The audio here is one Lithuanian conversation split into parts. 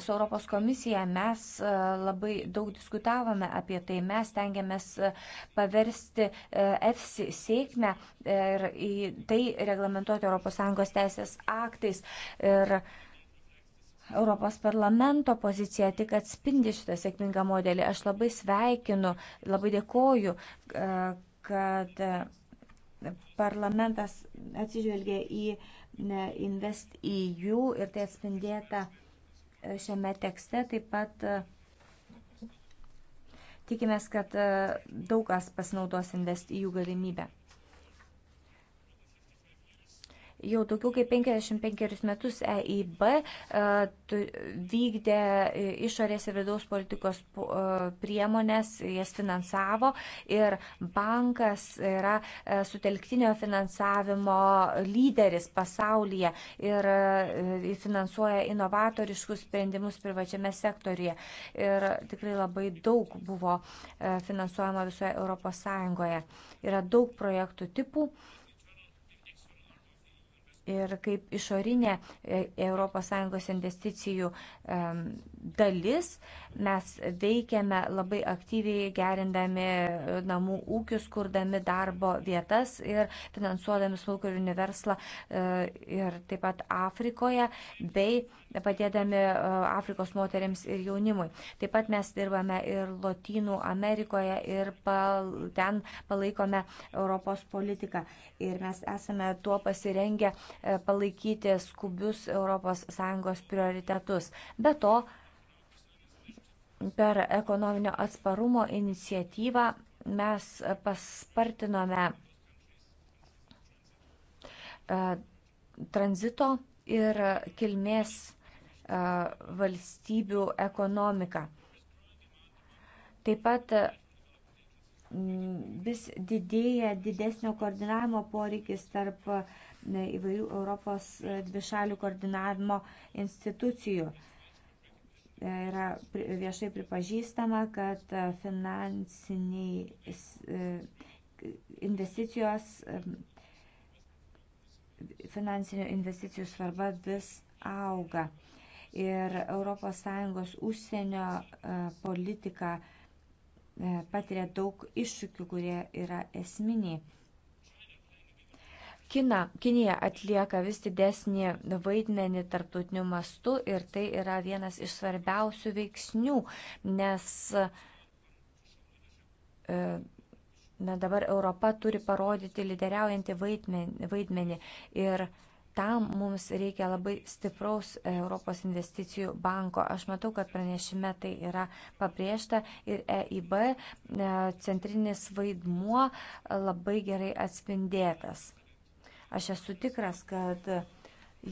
su Europos komisija mes e, labai daug diskutavome apie tai. Mes tengiamės e, paversti EFSI sėkmę e, ir į tai reglamentuoti ES teisės aktais. Ir Europos parlamento pozicija tik atspindi šitą sėkmingą modelį. Aš labai sveikinu, labai dėkoju, kad parlamentas atsižvelgė į InvestEU ir tai atspindėta šiame tekste taip pat e, tikimės, kad e, daug kas pasinaudos invest į jų galimybę. Jau daugiau kaip 55 metus EIB e, vykdė e, išorės ir vidaus politikos e, priemonės, jas finansavo ir bankas yra sutelktinio finansavimo lyderis pasaulyje ir finansuoja inovatoriškus sprendimus privačiame sektorije. Ir tikrai labai daug buvo finansuojama visoje Europos Sąjungoje. Yra daug projektų tipų ir kaip išorinė e, ES investicijų dalis mes veikiame labai aktyviai gerindami e, namų ūkius, kurdami darbo vietas ir finansuodami smulkų ir universalą e, ir taip pat Afrikoje bei padėdami e, Afrikos moteriams ir jaunimui. Taip pat mes dirbame ir Lotynų Amerikoje ir pal, ten palaikome Europos politiką. Ir mes esame tuo pasirengę e, palaikyti skubius ES prioritetus. Be to, per ekonominio atsparumo iniciatyvą mes paspartinome e, tranzito ir kilmės valstybių ekonomiką. Taip pat vis didėja didesnio koordinavimo poreikis tarp įvairių Europos dvišalių koordinavimo institucijų. E, yra viešai pripažįstama, kad finansiniai e, investicijos, finansinių investicijų svarba vis auga ir ES užsienio e, politika e, patiria daug iššūkių, kurie yra esminiai. Kina, Kinija atlieka vis didesnį vaidmenį tarptautiniu mastu ir tai yra vienas iš svarbiausių veiksnių, nes e, na, dabar Europa turi parodyti lyderiaujantį vaidmenį, vaidmenį ir uh, tam mums reikia labai stipraus e, Europos investicijų banko. Aš matau, kad pranešime tai yra pabrėžta ir EIB e, centrinis vaidmuo labai gerai atspindėtas. Aš esu tikras, kad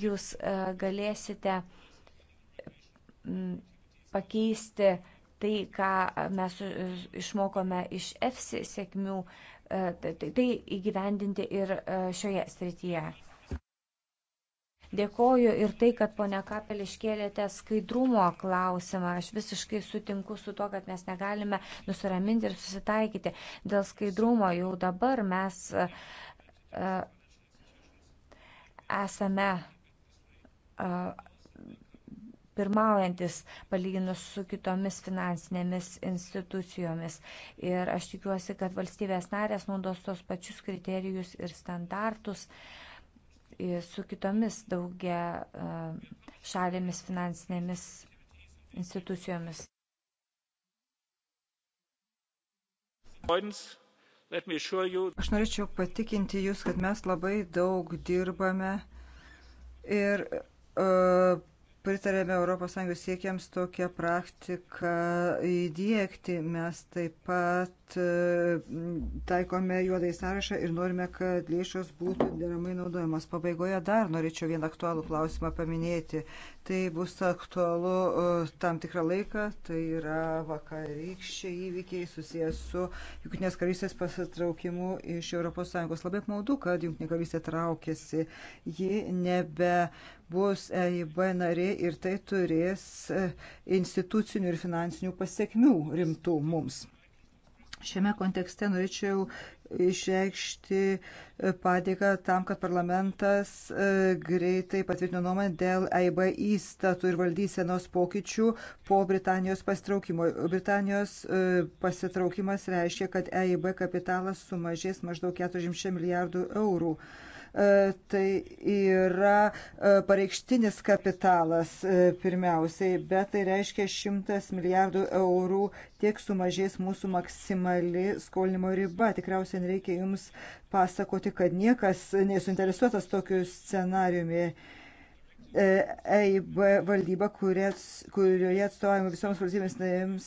jūs e, galėsite pakeisti tai, ką mes išmokome iš EFSI sėkmių, tai, tai, tai įgyvendinti ir šioje srityje. Dėkoju ir tai, kad ponia Kapel iškėlėte skaidrumo klausimą. Aš visiškai sutinku su to, kad mes negalime nusiraminti ir susitaikyti. Dėl skaidrumo jau dabar mes uh, esame uh, pirmaujantis palyginus su kitomis finansinėmis institucijomis. Ir aš tikiuosi, kad valstybės narės naudos tos pačius kriterijus ir standartus. Uh, su kitomis daugia e, šalėmis finansinėmis institucijomis. Aš norėčiau patikinti Jūs, kad mes labai daug dirbame ir uh, pritarėme ES siekiams tokią praktiką įdėkti. Mes taip pat E, taikome juodai sąrašą ir norime, kad lėšos būtų deramai naudojamos. Pabaigoje dar norėčiau vieną aktualų klausimą paminėti. Tai bus aktualu e, tam tikrą laiką, tai yra vakarykščiai įvykiai susijęs su Junktinės karystės pasitraukimu iš ES. Labai apmaudu, kad Junktinė karystė traukėsi. Ji nebe bus EIB narė ir tai turės e, institucinių ir finansinių pasiekmių rimtų mums. Šiame kontekste norėčiau išreikšti e, padėką tam, kad parlamentas e, greitai patvirtino nuomonę dėl EIB įstatų ir valdysenos pokyčių po Britanijos pasitraukimo. Britanijos e, pasitraukimas reiškia, kad EIB kapitalas sumažės maždaug 400 milijardų eurų. E, tai yra e, pareikštinis kapitalas e, pirmiausiai, bet tai reiškia 100 milijardų eurų tiek sumažės mūsų maksimali skolinimo riba. Tikriausiai reikia jums pasakoti, kad niekas nesuinteresuotas tokiu scenariumi. EIB valdyba, kurioje atstovavimo visoms valstybėms narėms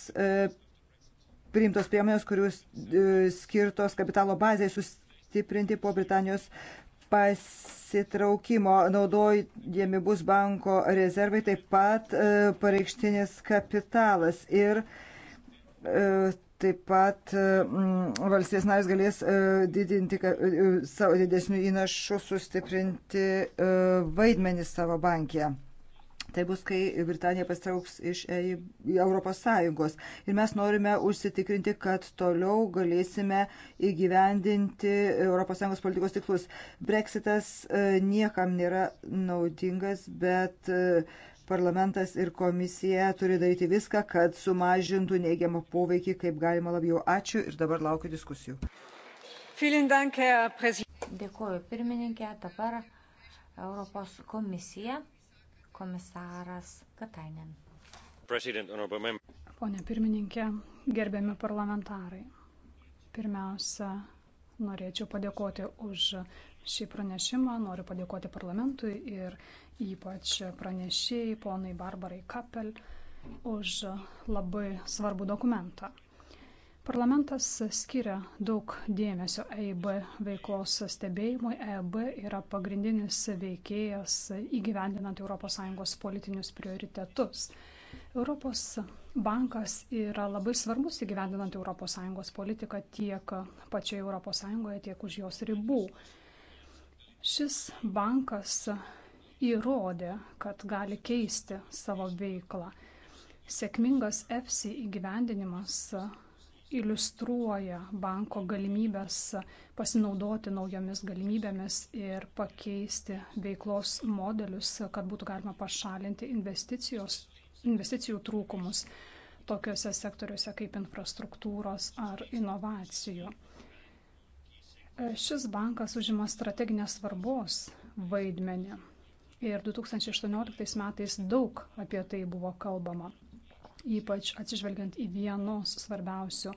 priimtos priemonės, kurios skirtos kapitalo bazai sustiprinti po Britanijos pasitraukimo naudojami bus banko rezervai, taip pat e, pareikštinis kapitalas ir e, taip pat e, valstybės narės galės didinti savo didesnių įnašų, sustiprinti vaidmenį savo bankėje. Tai bus, kai Britanija pastrauks iš e Europos Sąjungos. Ir mes norime užsitikrinti, kad toliau galėsime įgyvendinti Europos Sąjungos politikos tiklus. Brexitas e, niekam nėra naudingas, bet e, parlamentas ir komisija turi daryti viską, kad sumažintų neigiamą poveikį kaip galima labiau. Ačiū ir dabar laukiu diskusijų. Dėkuoju pirmininkė, dabar Europos komisija komisaras Katainen. Pone pirmininkė, gerbiami parlamentarai. Pirmiausia, norėčiau padėkoti už šį pranešimą, noriu padėkoti parlamentui ir ypač pranešėjai, ponai Barbarai Kapel, už labai svarbų dokumentą. Parlamentas skiria daug dėmesio EIB veiklos stebėjimui. EIB yra pagrindinis veikėjas įgyvendinant ES politinius prioritetus. Europos bankas yra labai svarbus įgyvendinant ES politiką tiek pačioje ES, tiek už jos ribų. Šis bankas įrodė, kad gali keisti savo veiklą. Sėkmingas EFSI įgyvendinimas iliustruoja banko galimybės pasinaudoti naujomis galimybėmis ir pakeisti veiklos modelius, kad būtų galima pašalinti investicijų trūkumus tokiuose sektoriuose kaip infrastruktūros ar inovacijų. Šis bankas užima strateginės svarbos vaidmenį ir 2018 metais daug apie tai buvo kalbama ypač atsižvelgiant į vienos svarbiausių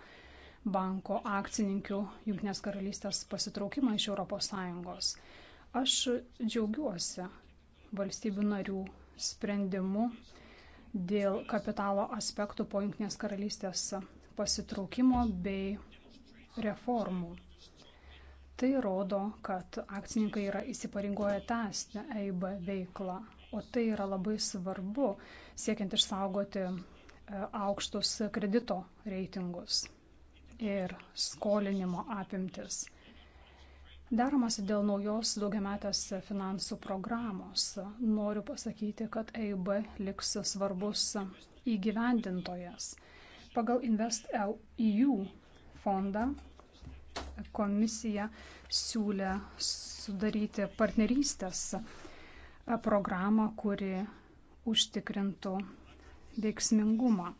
banko akcininkių Junktinės karalystės pasitraukimą iš ES. Aš džiaugiuosi valstybių narių sprendimu dėl kapitalo aspektų po Junktinės karalystės pasitraukimo bei reformų. Tai rodo, kad akcininkai yra įsiparingoję tęsti EIB veiklą, o tai yra labai svarbu siekiant išsaugoti E, aukštus kredito reitingus ir skolinimo apimtis. Daromasi dėl naujos daugiametės finansų programos. Noriu pasakyti, kad EIB liks svarbus įgyvendintojas. Pagal InvestEU fondą komisija siūlė sudaryti partnerystės programą, kuri užtikrintų veiksmingumą.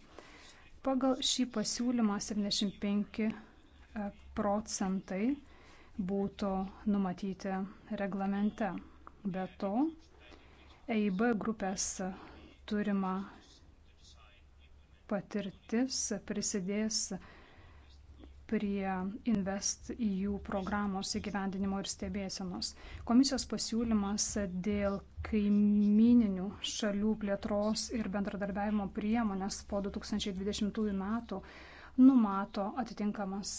Pagal šį pasiūlymą 75 e, procentai būtų numatyti reglamente. Be to, EIB grupės turima patirtis prisidės prie Invest EU programos įgyvendinimo ir stebėsenos. Komisijos pasiūlymas dėl kaimininių šalių plėtros ir bendradarbiavimo priemonės po 2020 metų numato atitinkamas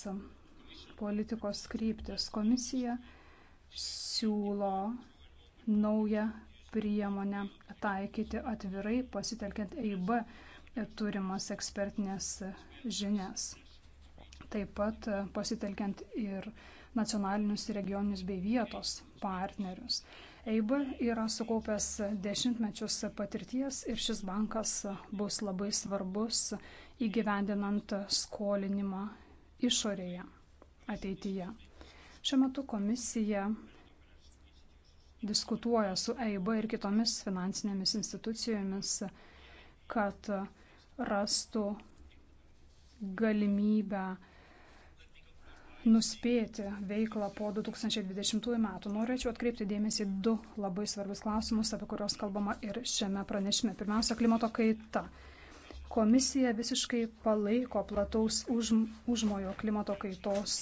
politikos kryptis. Komisija siūlo naują priemonę taikyti atvirai pasitelkiant EIB turimas ekspertinės žinias taip pat e, pasitelkiant ir nacionalinius, regioninius bei vietos partnerius. EIB yra sukaupęs dešimtmečius patirties ir šis bankas bus labai svarbus įgyvendinant skolinimą išorėje ateityje. Šiuo metu komisija diskutuoja su EIB ir kitomis finansinėmis institucijomis, kad rastų galimybę nuspėti veiklą po 2020 metų. Norėčiau atkreipti dėmesį du labai svarbus klausimus, apie kuriuos kalbama ir šiame pranešime. Pirmiausia, klimato kaita. Komisija visiškai palaiko plataus užmojo klimato kaitos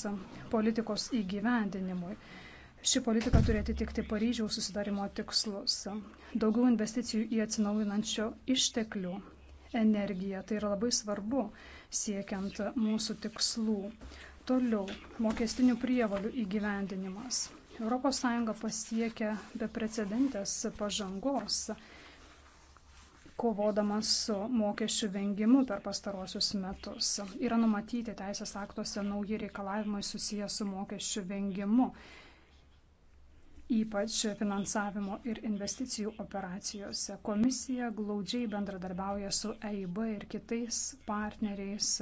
politikos įgyvendinimui. Ši politika turi atitikti Paryžiaus susidarimo tikslus. Daugiau investicijų į atsinaujinančio išteklių energiją. Tai yra labai svarbu siekiant mūsų tikslų. Toliau mokestinių prievalių įgyvendinimas. ES pasiekia beprecedentės pažangos, kovodamas su mokesčių vengimu per pastarosius metus. Yra numatyti teisės aktuose nauji reikalavimai susiję su mokesčių vengimu, ypač finansavimo ir investicijų operacijose. Komisija glaudžiai bendradarbiauja su EIB ir kitais partneriais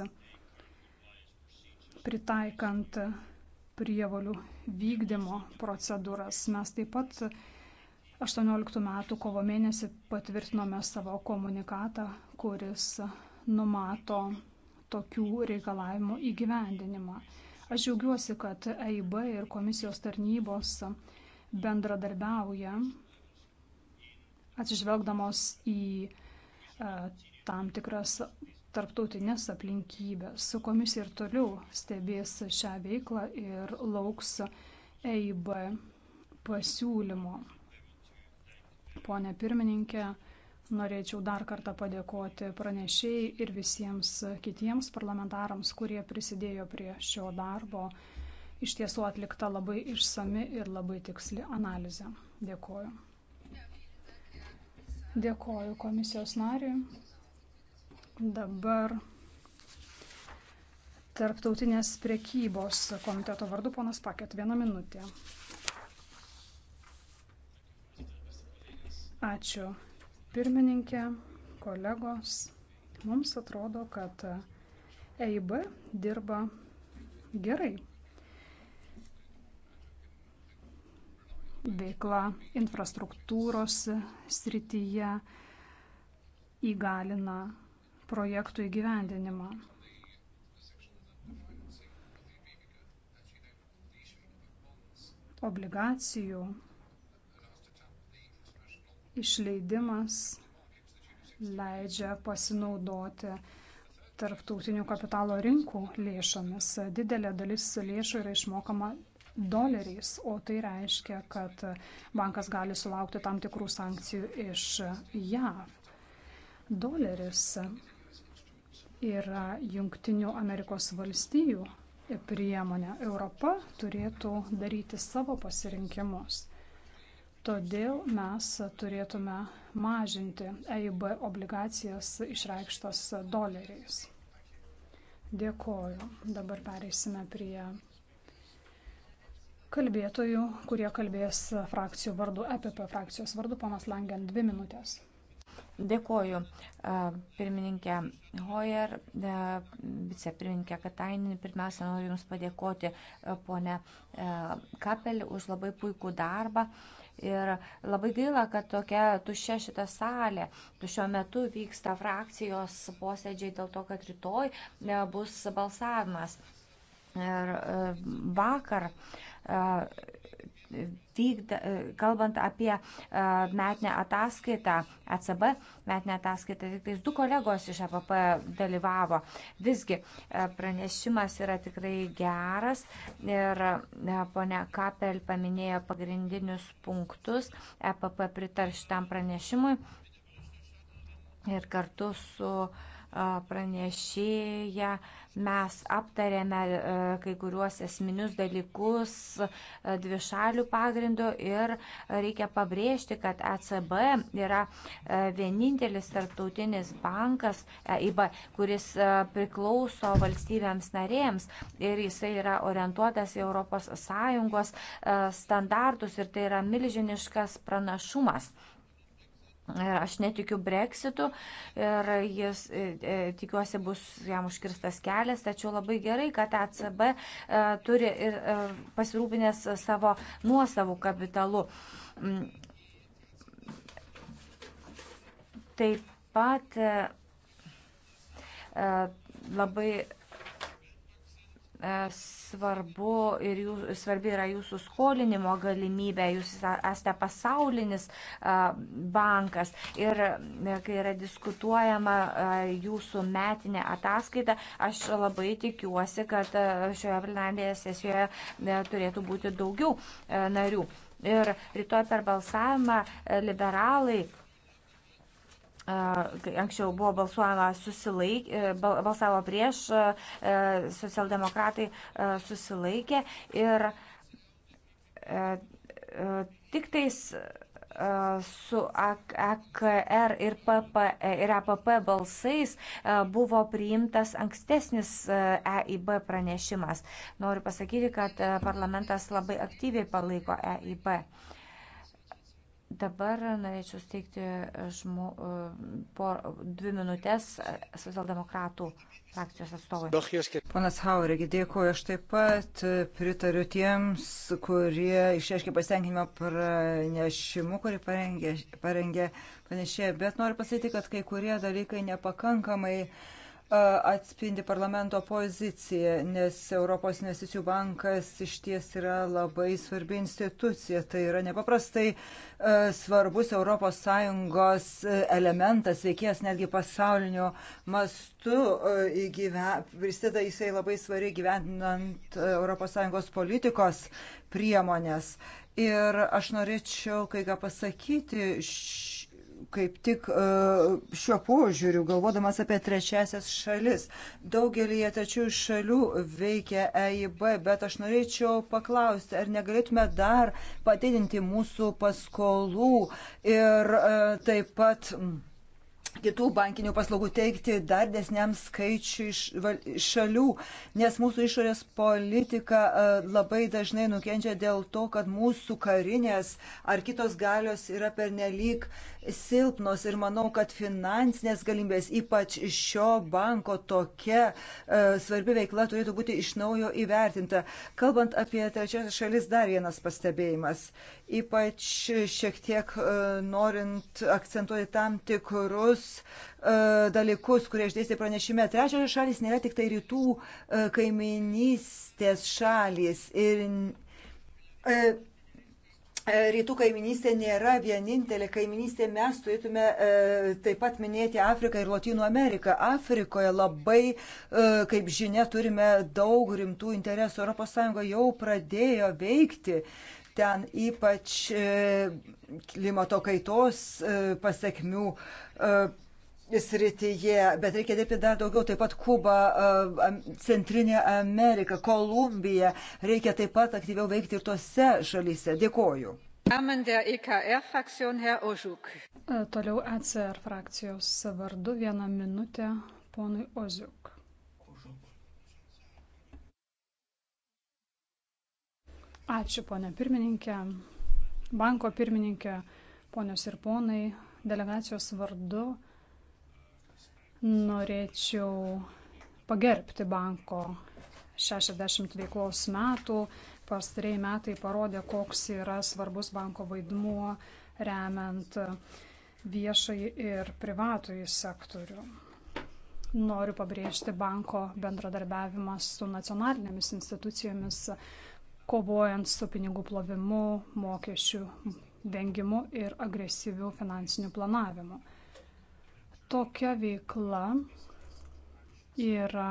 pritaikant prievalių vykdymo procedūras. Mes taip pat 18 metų kovo mėnesį patvirtinome savo komunikatą, kuris numato tokių reikalavimų įgyvendinimą. Aš džiaugiuosi, kad EIB ir komisijos tarnybos bendradarbiauja, atsižvelgdamos į e, tam tikras tarptautinės aplinkybės. Komisija ir toliau stebės šią veiklą ir lauks EIB pasiūlymo. Pone pirmininkė, norėčiau dar kartą padėkoti pranešėjai ir visiems kitiems parlamentarams, kurie prisidėjo prie šio darbo. Iš tiesų atlikta labai išsami ir labai tiksli analizė. Dėkoju. Dėkoju komisijos nariui. Dabar Tarptautinės priekybos komiteto vardu ponas Paket. Vieną minutę. Ačiū pirmininkė, kolegos. Mums atrodo, kad EIB dirba gerai. Veikla infrastruktūros srityje įgalina projektų įgyvendinimą. Obligacijų išleidimas leidžia pasinaudoti tarptautinių kapitalo rinkų lėšomis. Didelė dalis lėšų yra išmokama doleriais, o tai reiškia, kad bankas gali sulaukti tam tikrų sankcijų iš JAV. Doleris yra Junktinių Amerikos valstijų priemonė. Europa turėtų daryti savo pasirinkimus. Todėl mes turėtume mažinti EIB obligacijas išreikštas doleriais. Dėkoju. Dabar pereisime prie kalbėtojų, kurie kalbės frakcijų vardu, EPP frakcijos vardu, ponas Langen, dvi minutės. Dėkoju pirmininkė Hoyer, vicepirmininkė Katainin. Pirmiausia, noriu Jums padėkoti, ponė Kapelį, už labai puikų darbą. Ir labai gaila, kad tokia tuščia šita salė. Šiuo metu vyksta frakcijos posėdžiai dėl to, kad rytoj bus balsavimas. Ir vakar vykda, kalbant apie metinę ataskaitą, ECB metinę ataskaitą, tik tais du kolegos iš APP dalyvavo. Visgi pranešimas yra tikrai geras ir ponia Kapel paminėjo pagrindinius punktus, EPP pritar šitam pranešimui ir kartu su uh, pranešėja mes aptarėme e, kai kuriuos esminius dalykus e, dvišalių pagrindų ir reikia pabrėžti, kad ECB yra e, vienintelis tarptautinis bankas, EIB, kuris priklauso valstybėms narėms ir jisai yra orientuotas į ES standartus ir tai yra milžiniškas pranašumas. Aš netikiu breksitu ir jis, e, e, tikiuosi, bus jam užkirstas kelias, tačiau labai gerai, kad ECB e, turi ir pasirūpinęs savo nuosavų kapitalų. Mm. Taip pat labai E, svarbu ir jūs, svarbi yra jūsų skolinimo galimybė, jūs esate pasaulinis e, bankas ir e, kai yra diskutuojama jūsų metinė ataskaita, aš labai tikiuosi, kad šioje plenarėje sesijoje turėtų būti daugiau narių. Ir rytoj per balsavimą liberalai anksčiau buvo balsuojama susilaik, e, balsavo prieš, e, socialdemokratai e, susilaikė ir tik tais su AKR ir, PP, ir APP balsais buvo priimtas ankstesnis EIB pranešimas. Noriu pasakyti, kad parlamentas labai aktyviai palaiko EIB. Dabar norėčiau steigti e, žmo, e, po dvi minutės e, socialdemokratų frakcijos atstovui. Panas Hauregi, dėkuoju. Aš taip pat pritariu tiems, kurie išreiškė pasitenkinimą pranešimu, kurį parengė, parengė pranešė, bet noriu pasakyti, kad kai kurie dalykai nepakankamai uh, atspindi parlamento poziciją, nes Europos investicijų bankas iš ties yra labai svarbi institucija. Tai yra nepaprastai svarbus ES e, elementas, veikėjas netgi pasaulinio mastu, prisideda jisai labai svariai gyventinant ES politikos priemonės. Ir aš norėčiau kai ką pasakyti. Š kaip tik e, šiuo požiūriu, galvodamas apie trečiasias šalis. Daugelį trečiųjų šalių veikia EIB, bet aš norėčiau paklausti, ar negalėtume dar padidinti mūsų paskolų ir e, taip pat kitų bankinių paslaugų teikti dar desniam skaičiui šalių, nes mūsų išorės politika e, labai dažnai nukenčia dėl to, kad mūsų karinės ar kitos galios yra pernelyg silpnos ir manau, kad finansinės galimybės, ypač šio banko tokia e, svarbi veikla turėtų būti iš naujo įvertinta. Kalbant apie trečias šalis, dar vienas pastebėjimas. Ypač šiek tiek e, norint akcentuoti tam tikrus e, dalykus, kurie išdėstė pranešime. Trečias šalis nėra tik tai rytų e, kaiminystės šalis. Ir, e, E, rytų kaiminystė nėra vienintelė kaiminystė, mes turėtume e, taip pat minėti Afriką ir Latino Ameriką. Afrikoje labai, e, kaip žinia, turime daug rimtų interesų. ES jau pradėjo veikti ten ypač e, klimato kaitos e, pasiekmių. E, srityje, bet reikia dirbti dar daugiau, taip pat Kuba, e, Centrinė Amerika, Kolumbija, reikia taip pat aktyviau veikti ir tose šalyse. Dėkoju. E e, toliau ECR frakcijos vardu vieną minutę ponui Oziuk. Ačiū, ponė pirmininkė, banko pirmininkė, ponios ir ponai, delegacijos vardu Norėčiau pagerbti banko 60 veiklos metų. Pastarėjai metai parodė, koks yra svarbus banko vaidmuo remiant viešai ir privatųjį sektorių. Noriu pabrėžti banko bendradarbiavimą su nacionalinėmis institucijomis, kovojant su pinigų plovimu, mokesčių vengimu ir agresyviu finansiniu planavimu. Tokia veikla yra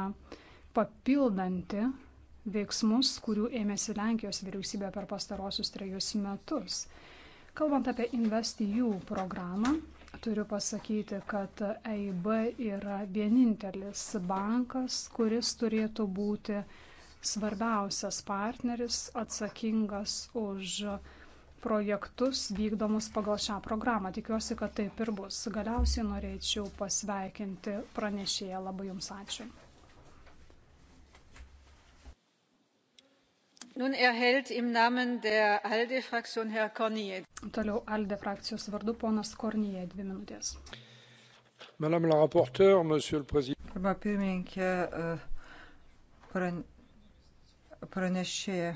papildanti veiksmus, kurių ėmėsi Lenkijos vyriausybė per pastarosius trejus metus. Kalbant apie InvestEU programą, turiu pasakyti, kad EIB yra vienintelis bankas, kuris turėtų būti svarbiausias partneris atsakingas už projektus vykdomus pagal šią programą. Tikiuosi, kad taip ir bus. Galiausiai norėčiau pasveikinti pranešėją. Labai Jums ačiū. Nun erhält im Namen der ALDE Fraktion Herr Cornier. Toliau ALDE frakcijos vardu ponas Cornier, dvi minutės. Madame la rapporteure, monsieur le président. Pirmą pirmininkę eh, pran, pranešėją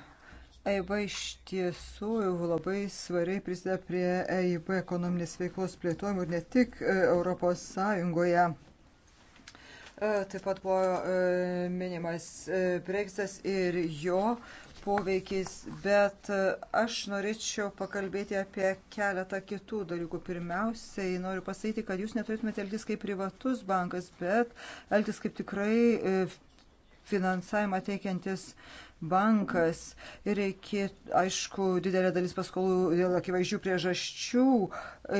EIB iš tiesų labai svariai prisideda prie EIB ekonominės veiklos plėtojimo ir ne tik e, Europos Sąjungoje. E, taip pat buvo e, minimas Brexitas ir jo poveikis, bet aš norėčiau pakalbėti apie keletą kitų dalykų. Pirmiausiai noriu pasakyti, kad jūs neturėtumėte elgtis kaip privatus bankas, bet elgtis kaip tikrai finansavimą teikiantis bankas. Ir reikėtų, aišku, didelė dalis paskolų dėl akivaizdžių priežasčių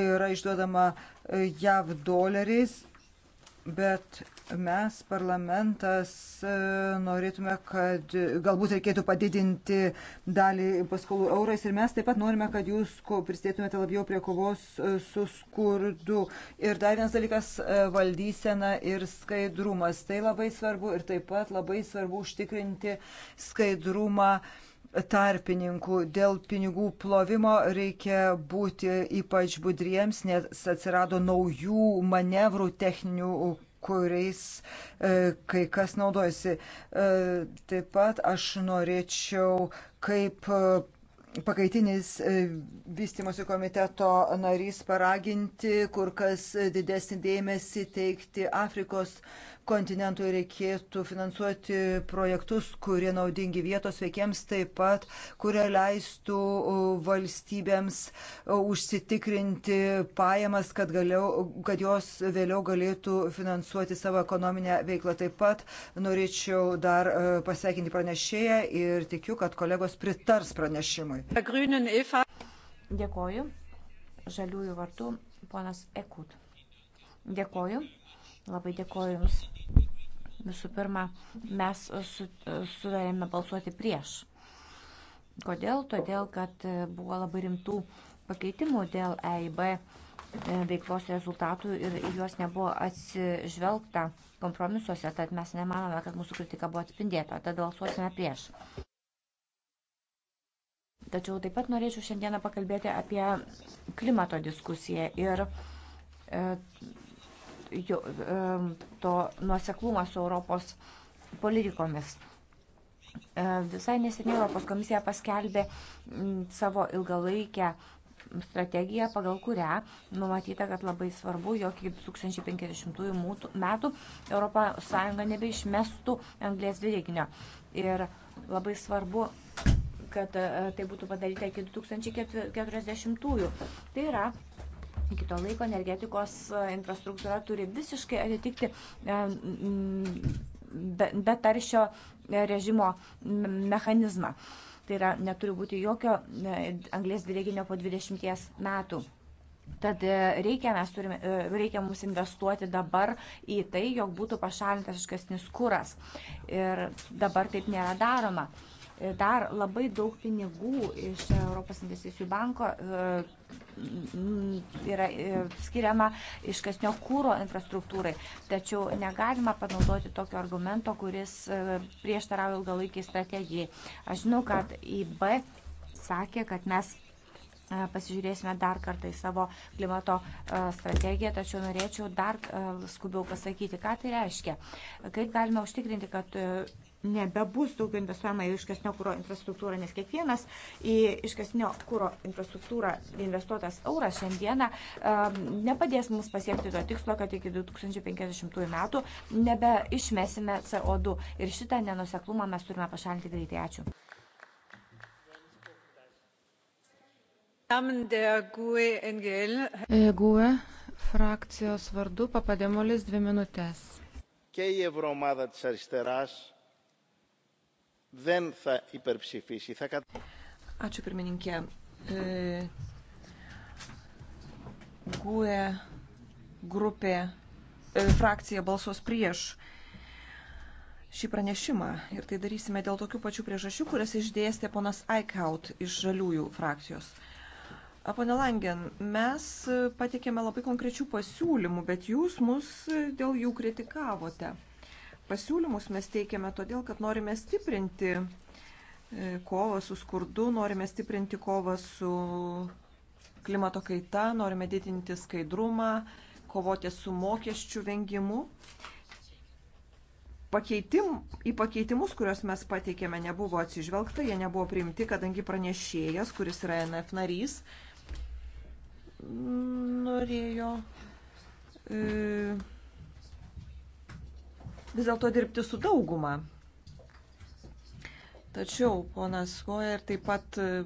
yra išduodama e, JAV doleriais, bet Mes, parlamentas, e, norėtume, kad galbūt reikėtų padidinti dalį paskolų eurais ir mes taip pat norime, kad jūs prisidėtumėte labiau prie kovos e, su skurdu. Ir dar vienas dalykas e, - valdysena ir skaidrumas. Tai labai svarbu ir taip pat labai svarbu užtikrinti skaidrumą tarpininkų. Dėl pinigų plovimo reikia būti ypač budriems, nes atsirado naujų manevrų techninių kuriais e, kai kas naudojasi. E, taip pat aš norėčiau kaip e, pakaitinis vystimosi komiteto narys paraginti kur kas didesnį dėmesį teikti Afrikos kontinentui reikėtų finansuoti projektus, kurie naudingi vietos veikiams taip pat, kurie leistų uh, valstybėms uh, užsitikrinti pajamas, kad, galiau, kad jos vėliau galėtų finansuoti savo ekonominę veiklą. Taip pat norėčiau dar uh, pasveikinti pranešėją ir tikiu, kad kolegos pritars pranešimui. Dėkoju. Žaliųjų vartų ponas Ekut. Dėkoju. Labai dėkoju Jums. Visų pirma, mes sudarėme balsuoti prieš. Kodėl? Todėl, kad buvo labai rimtų pakeitimų dėl EIB e, veiklos rezultatų ir juos nebuvo atsižvelgta kompromisuose, tad mes nemanome, kad mūsų kritika buvo atspindėta, tad balsuosime prieš. Tačiau taip pat norėčiau šiandieną pakalbėti apie klimato diskusiją ir e, jo, to nuoseklumą su Europos politikomis. E, visai neseniai Europos komisija paskelbė savo ilgalaikę strategiją, pagal kurią numatyta, kad labai svarbu, jog iki 2050 metų ES nebeišmestų anglės dvideginio. Ir labai svarbu, kad e, tai būtų padaryta iki 2040. -ųjų. Tai yra Iki to laiko energetikos e, infrastruktūra turi visiškai atitikti e, betaršio e, režimo mechanizmą. Tai yra, neturi būti jokio anglės dvideginio po 20 metų. Tad reikia, mes turime, reikia mums investuoti dabar į tai, jog būtų pašalintas iškasnis kuras. Ir dabar taip nėra daroma dar labai daug pinigų iš Europos investicijų banko e, yra e, skiriama iškasnio kūro infrastruktūrai. Tačiau negalima panaudoti tokio argumento, kuris e, prieštarauja ilgalaikiai strategijai. Aš žinau, kad IB sakė, kad mes pasižiūrėsime dar kartą į savo klimato strategiją, tačiau norėčiau dar skubiau pasakyti, ką tai reiškia. Kaip galime užtikrinti, kad nebebus daugiau investuojama į iškasnio kūro infrastruktūrą, nes kiekvienas į iškasnio kūro infrastruktūrą investuotas euras šiandieną um, nepadės mums pasiekti to tikslo, kad iki 2050 metų nebeišmesime CO2. Ir šitą nenuseklumą mes turime pašalinti greitai. Ačiū. gue e, e frakcijos vardu papademolis dvi minutes. Και η Ευρωομάδα της Αριστεράς δεν θα υπερψηφίσει. Θα κατα... Ačiū pirmininkė. E, GUE grupė, e, frakcija balsuos prieš šį pranešimą ir tai darysime dėl tokių pačių priežasčių, kurias išdėstė ponas Eichhout iš žaliųjų frakcijos. Pone Langen, mes patikėme labai konkrečių pasiūlymų, bet jūs mus dėl jų kritikavote pasiūlymus mes teikiame todėl, kad norime stiprinti e, kovą su skurdu, norime stiprinti kovą su klimato kaita, norime didinti skaidrumą, kovoti su mokesčių vengimu. Pakeitim, į pakeitimus, kuriuos mes pateikėme, nebuvo atsižvelgta, jie nebuvo priimti, kadangi pranešėjas, kuris yra NF narys, norėjo e, vis dėlto dirbti su dauguma. Tačiau ponas Koja ir taip pat e,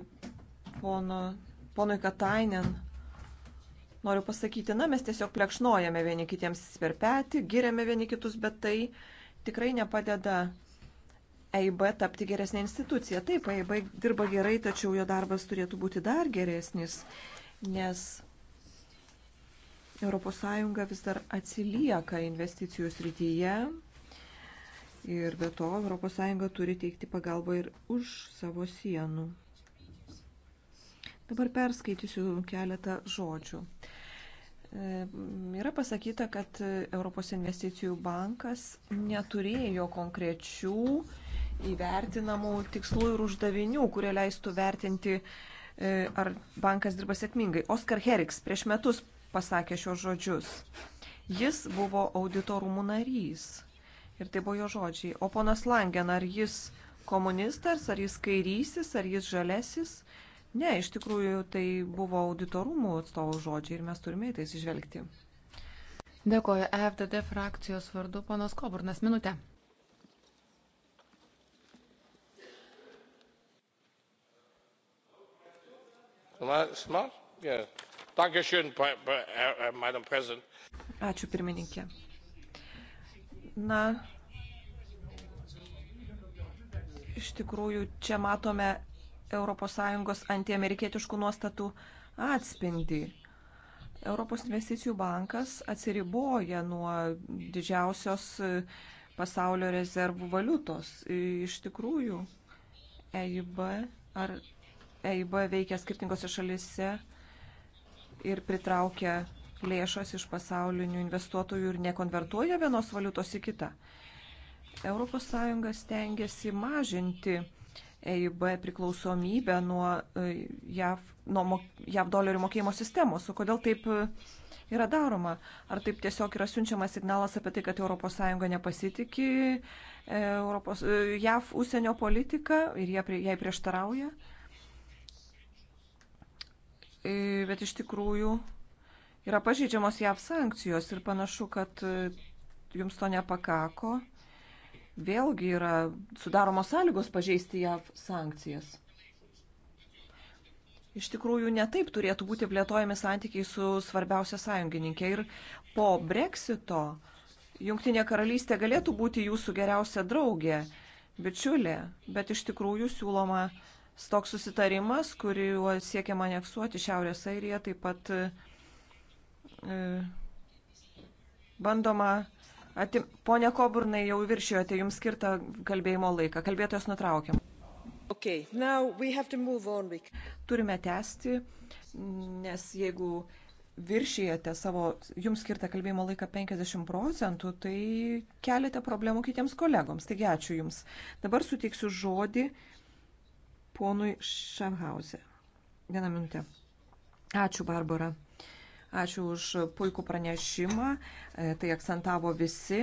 pono, ponui Katainen noriu pasakyti, na, mes tiesiog plekšnojame vieni kitiems per petį, giriame vieni kitus, bet tai tikrai nepadeda EIB tapti geresnė institucija. Taip, EIB dirba gerai, tačiau jo darbas turėtų būti dar geresnis, nes ES vis dar atsilieka investicijų srityje, Ir be to ES turi teikti pagalbą ir už savo sienų. Dabar perskaitysiu keletą žodžių. E, yra pasakyta, kad Europos investicijų bankas neturėjo konkrečių įvertinamų tikslų ir uždavinių, kurie leistų vertinti, e, ar bankas dirba sėkmingai. Oskar Heriks prieš metus pasakė šios žodžius. Jis buvo auditorumų narys. Ir tai buvo jo žodžiai. O ponas Langen, ar jis komunistas, ar jis kairysis, ar jis žalesis? Ne, iš tikrųjų tai buvo auditorumų atstovų žodžiai ir mes turime į tai išvelgti. Dėkoju FDD frakcijos vardu, ponas Koburnas, minutę. Uh, uh, Ačiū pirmininkė. Na, iš tikrųjų, čia matome ES antiamerikietiškų nuostatų atspindį. Europos investicijų bankas atsiriboja nuo didžiausios e, pasaulio rezervų valiutos. E, iš tikrųjų, EIB ar EIB veikia skirtingose šalise ir pritraukia lėšas iš pasaulinių investuotojų ir nekonvertuoja vienos valiutos į kitą. ES stengiasi mažinti EIB priklausomybę nuo e, JAV, nuo JAV dolerių mokėjimo sistemos. O kodėl taip e, yra daroma? Ar taip tiesiog yra siunčiamas signalas apie tai, kad ES nepasitikė Europos, e, JAV užsienio politiką ir jie, jai prieštarauja? Bet iš tikrųjų yra pažeidžiamos JAV sankcijos ir panašu, kad e, jums to nepakako. Vėlgi yra sudaromos sąlygos pažeisti JAV sankcijas. Iš tikrųjų, netaip turėtų būti plėtojami santykiai su svarbiausia sąjungininkė. Ir po breksito Junktinė karalystė galėtų būti jūsų geriausia draugė, bičiulė, bet iš tikrųjų siūloma toks susitarimas, kuriuo siekiama aneksuoti Šiaurės Airiją, taip pat e, E, bandoma atim... Pone Koburnai, jau viršijote jums skirtą kalbėjimo laiką. Kalbėtojas nutraukiam. Okay, Turime tęsti, nes jeigu viršijate savo jums skirtą kalbėjimo laiką 50 procentų, tai keliate problemų kitiems kolegoms. Taigi ačiū Jums. Dabar suteiksiu žodį ponui Šafhauser. Vieną minutę. Ačiū, Barbara. Ačiū už puikų pranešimą, e, tai akcentavo visi.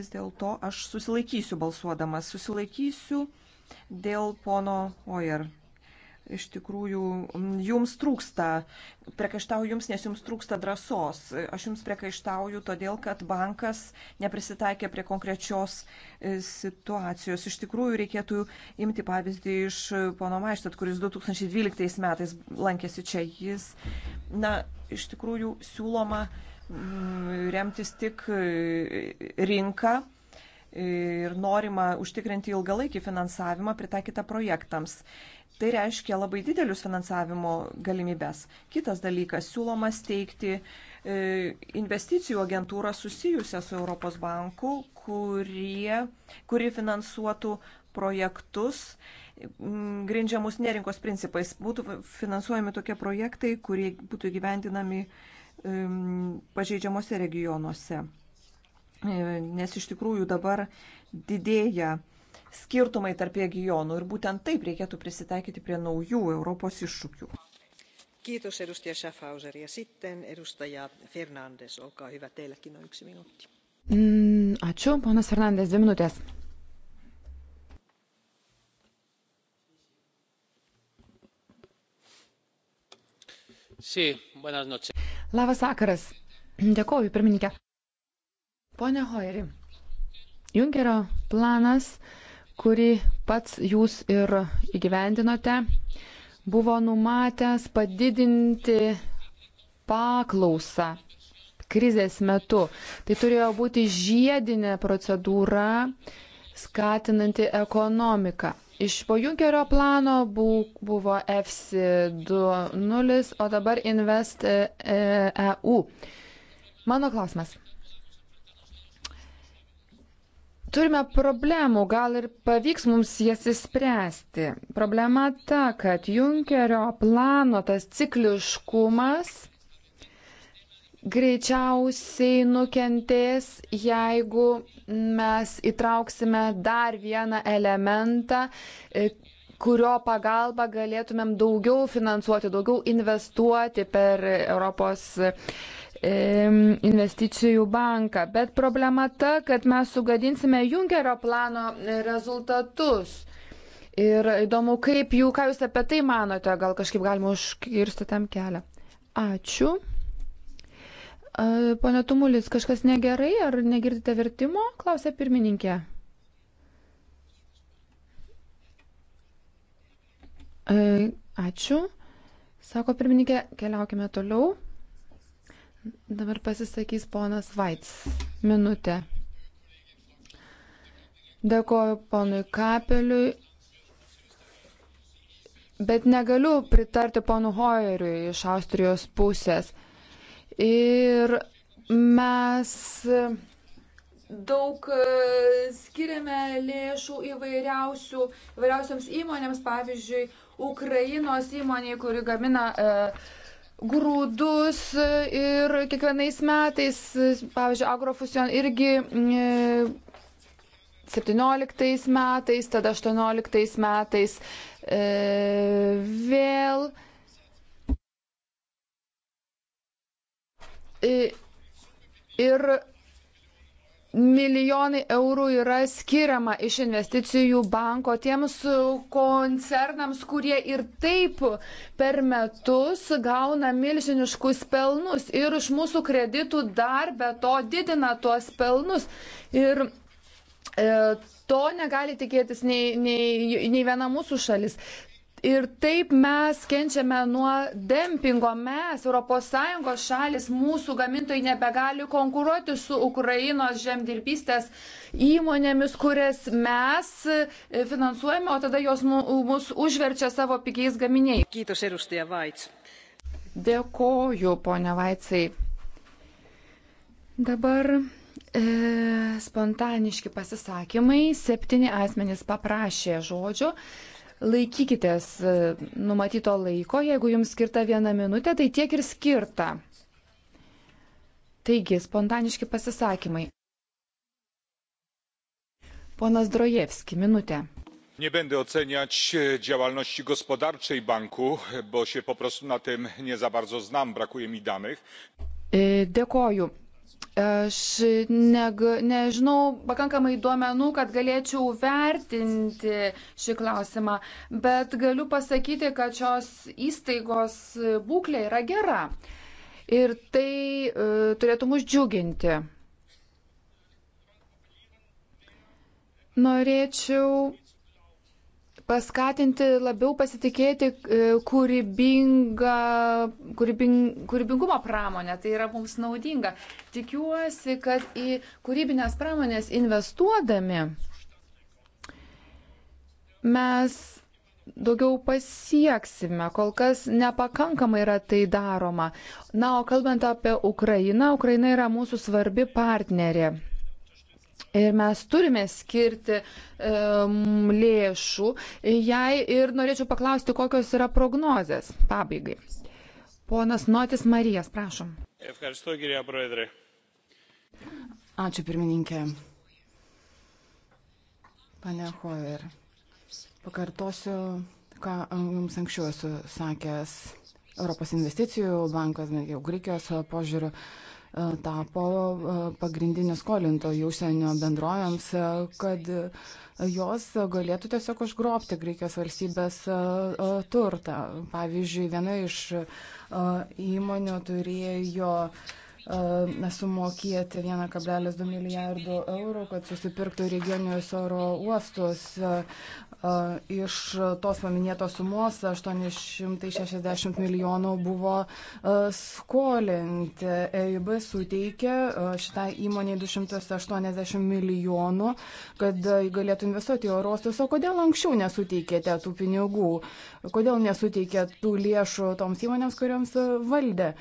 Vis dėlto aš susilaikysiu balsuodamas, susilaikysiu dėl pono Ojer iš tikrųjų jums trūksta, priekaištauju jums, nes jums trūksta drąsos. Aš jums priekaištauju todėl, kad bankas neprisitaikė prie konkrečios e, situacijos. Iš tikrųjų reikėtų imti pavyzdį iš pono Maištat, kuris 2012 metais lankėsi čia. Jis, na, iš tikrųjų siūloma remtis tik e, rinką e, ir norima užtikrinti ilgalaikį finansavimą pritaikytą projektams. Tai reiškia labai didelius finansavimo galimybės. Kitas dalykas - siūloma steigti e, investicijų agentūrą susijusią su Europos banku, kurie, kuri finansuotų projektus grindžiamus nerinkos principais. Būtų finansuojami tokie projektai, kurie būtų gyvendinami pažeidžiamuose regionuose. E, nes iš tikrųjų dabar didėja skirtumai tarp regionų ir būtent taip reikėtų prisitaikyti prie naujų Europos iššūkių. Kiitos edustaja Schaffhauser ja sitten edustaja Fernandes, olkaa hyvä, teilläkin on yksi minuutti. Mm, ačiū, ponas Fernandes, dvi minutės. Sí, buenas noches. Labas vakaras. Dėkoju, pirmininkė. Pone Hoeri, Junkerio planas kurį pats jūs ir įgyvendinote, buvo numatęs padidinti paklausą krizės metu. Tai turėjo būti žiedinė procedūra skatinanti ekonomiką. Iš po Junkerio plano buvo EFSI 2.0, o dabar Invest EU. E, e, Mano klausimas. Turime problemų, gal ir pavyks mums jas įspręsti. Problema ta, kad Junkerio plano tas cikliškumas greičiausiai nukentės, jeigu mes įtrauksime dar vieną elementą, e, kurio pagalba galėtumėm daugiau finansuoti, daugiau investuoti per Europos investicijų banką. Bet problema ta, kad mes sugadinsime Junkerio plano e, rezultatus. Ir įdomu, kaip jų, ką jūs apie tai manote, gal kažkaip galima užkirsti tam kelią. Ačiū. Pane Tumulis, kažkas negerai, ar negirdite vertimo? Klausė pirmininkė. E, ačiū. Sako pirmininkė, keliaukime toliau. Dabar pasisakys ponas Vaits. Minutė. Dėkoju ponui Kapeliui, bet negaliu pritarti ponu Hoeriui iš Austrijos pusės. Ir mes daug e, skiriame lėšų įvairiausioms įmonėms, pavyzdžiui, Ukrainos įmoniai, kuri gamina uh, grūdus ir kiekvienais metais, pavyzdžiui, agrofusion irgi 17 e, metais, tada 18 metais e, vėl. E, ir milijonai eurų yra skiriama iš investicijų banko tiems koncernams, kurie ir taip per metus gauna milžiniškus pelnus ir iš mūsų kreditų dar be to didina tuos pelnus. Ir e, to negali tikėtis nei, nei, nei viena mūsų šalis. Ir taip mes kenčiame nuo dempingo. Mes, ES šalis, mūsų gamintojai nebegali konkuruoti su Ukrainos žemdirbystės įmonėmis, kurias mes e, finansuojame, o tada jos mus užverčia savo pigiais gaminiais. Kytos, edustaja Vaits. Dėkoju, ponia Vaitsai. Dabar e, spontaniški pasisakymai. Septyni asmenys paprašė žodžio. Laikykitės e, numatyto laiko, jeigu jums skirta viena minutė, tai tiek ir skirta. Taigi, spontaniški pasisakymai. Ponas Drojewski, minutė. Nie będę oceniać e, działalności gospodarczej banku, bo się po prostu na tym nie za bardzo znam, brakuje mi danych. E, dėkoju. Aš neg, nežinau pakankamai duomenų, kad galėčiau vertinti šį klausimą, bet galiu pasakyti, kad šios įstaigos būklė yra gera. Ir tai e, turėtų mus džiuginti. Norėčiau paskatinti labiau pasitikėti e, kūrybinga, kūrybing, kūrybingumo pramonę. Tai yra mums naudinga. Tikiuosi, kad į kūrybinės pramonės investuodami mes daugiau pasieksime. Kol kas nepakankamai yra tai daroma. Na, o kalbant apie Ukrainą, Ukraina yra mūsų svarbi partnerė. Ir mes turime skirti um, lėšų jai ir norėčiau paklausti, kokios yra prognozės pabaigai. Ponas Notis Marijas, prašom. Ačiū pirmininkė. Pane Hover, pakartosiu, ką jums anksčiau esu sakęs. Europos investicijų bankas, jau Graikijos požiūriu, uh, E, tapo e, pagrindiniu skolintoju užsienio bendrovėms, e, kad jos galėtų tiesiog užgrobti Graikijos valstybės turtą. Pavyzdžiui, viena iš įmonių turėjo sumokėti 1,2 milijardų eurų, kad susipirktų regioninius oro uostus. Iš tos paminėtos sumos 860 milijonų buvo skolinti. EIB suteikė šitai įmoniai 280 milijonų, kad galėtų investuoti į orostus. O kodėl anksčiau nesuteikėte tų pinigų? Kodėl nesuteikėte tų lėšų toms įmonėms, kuriams valdė?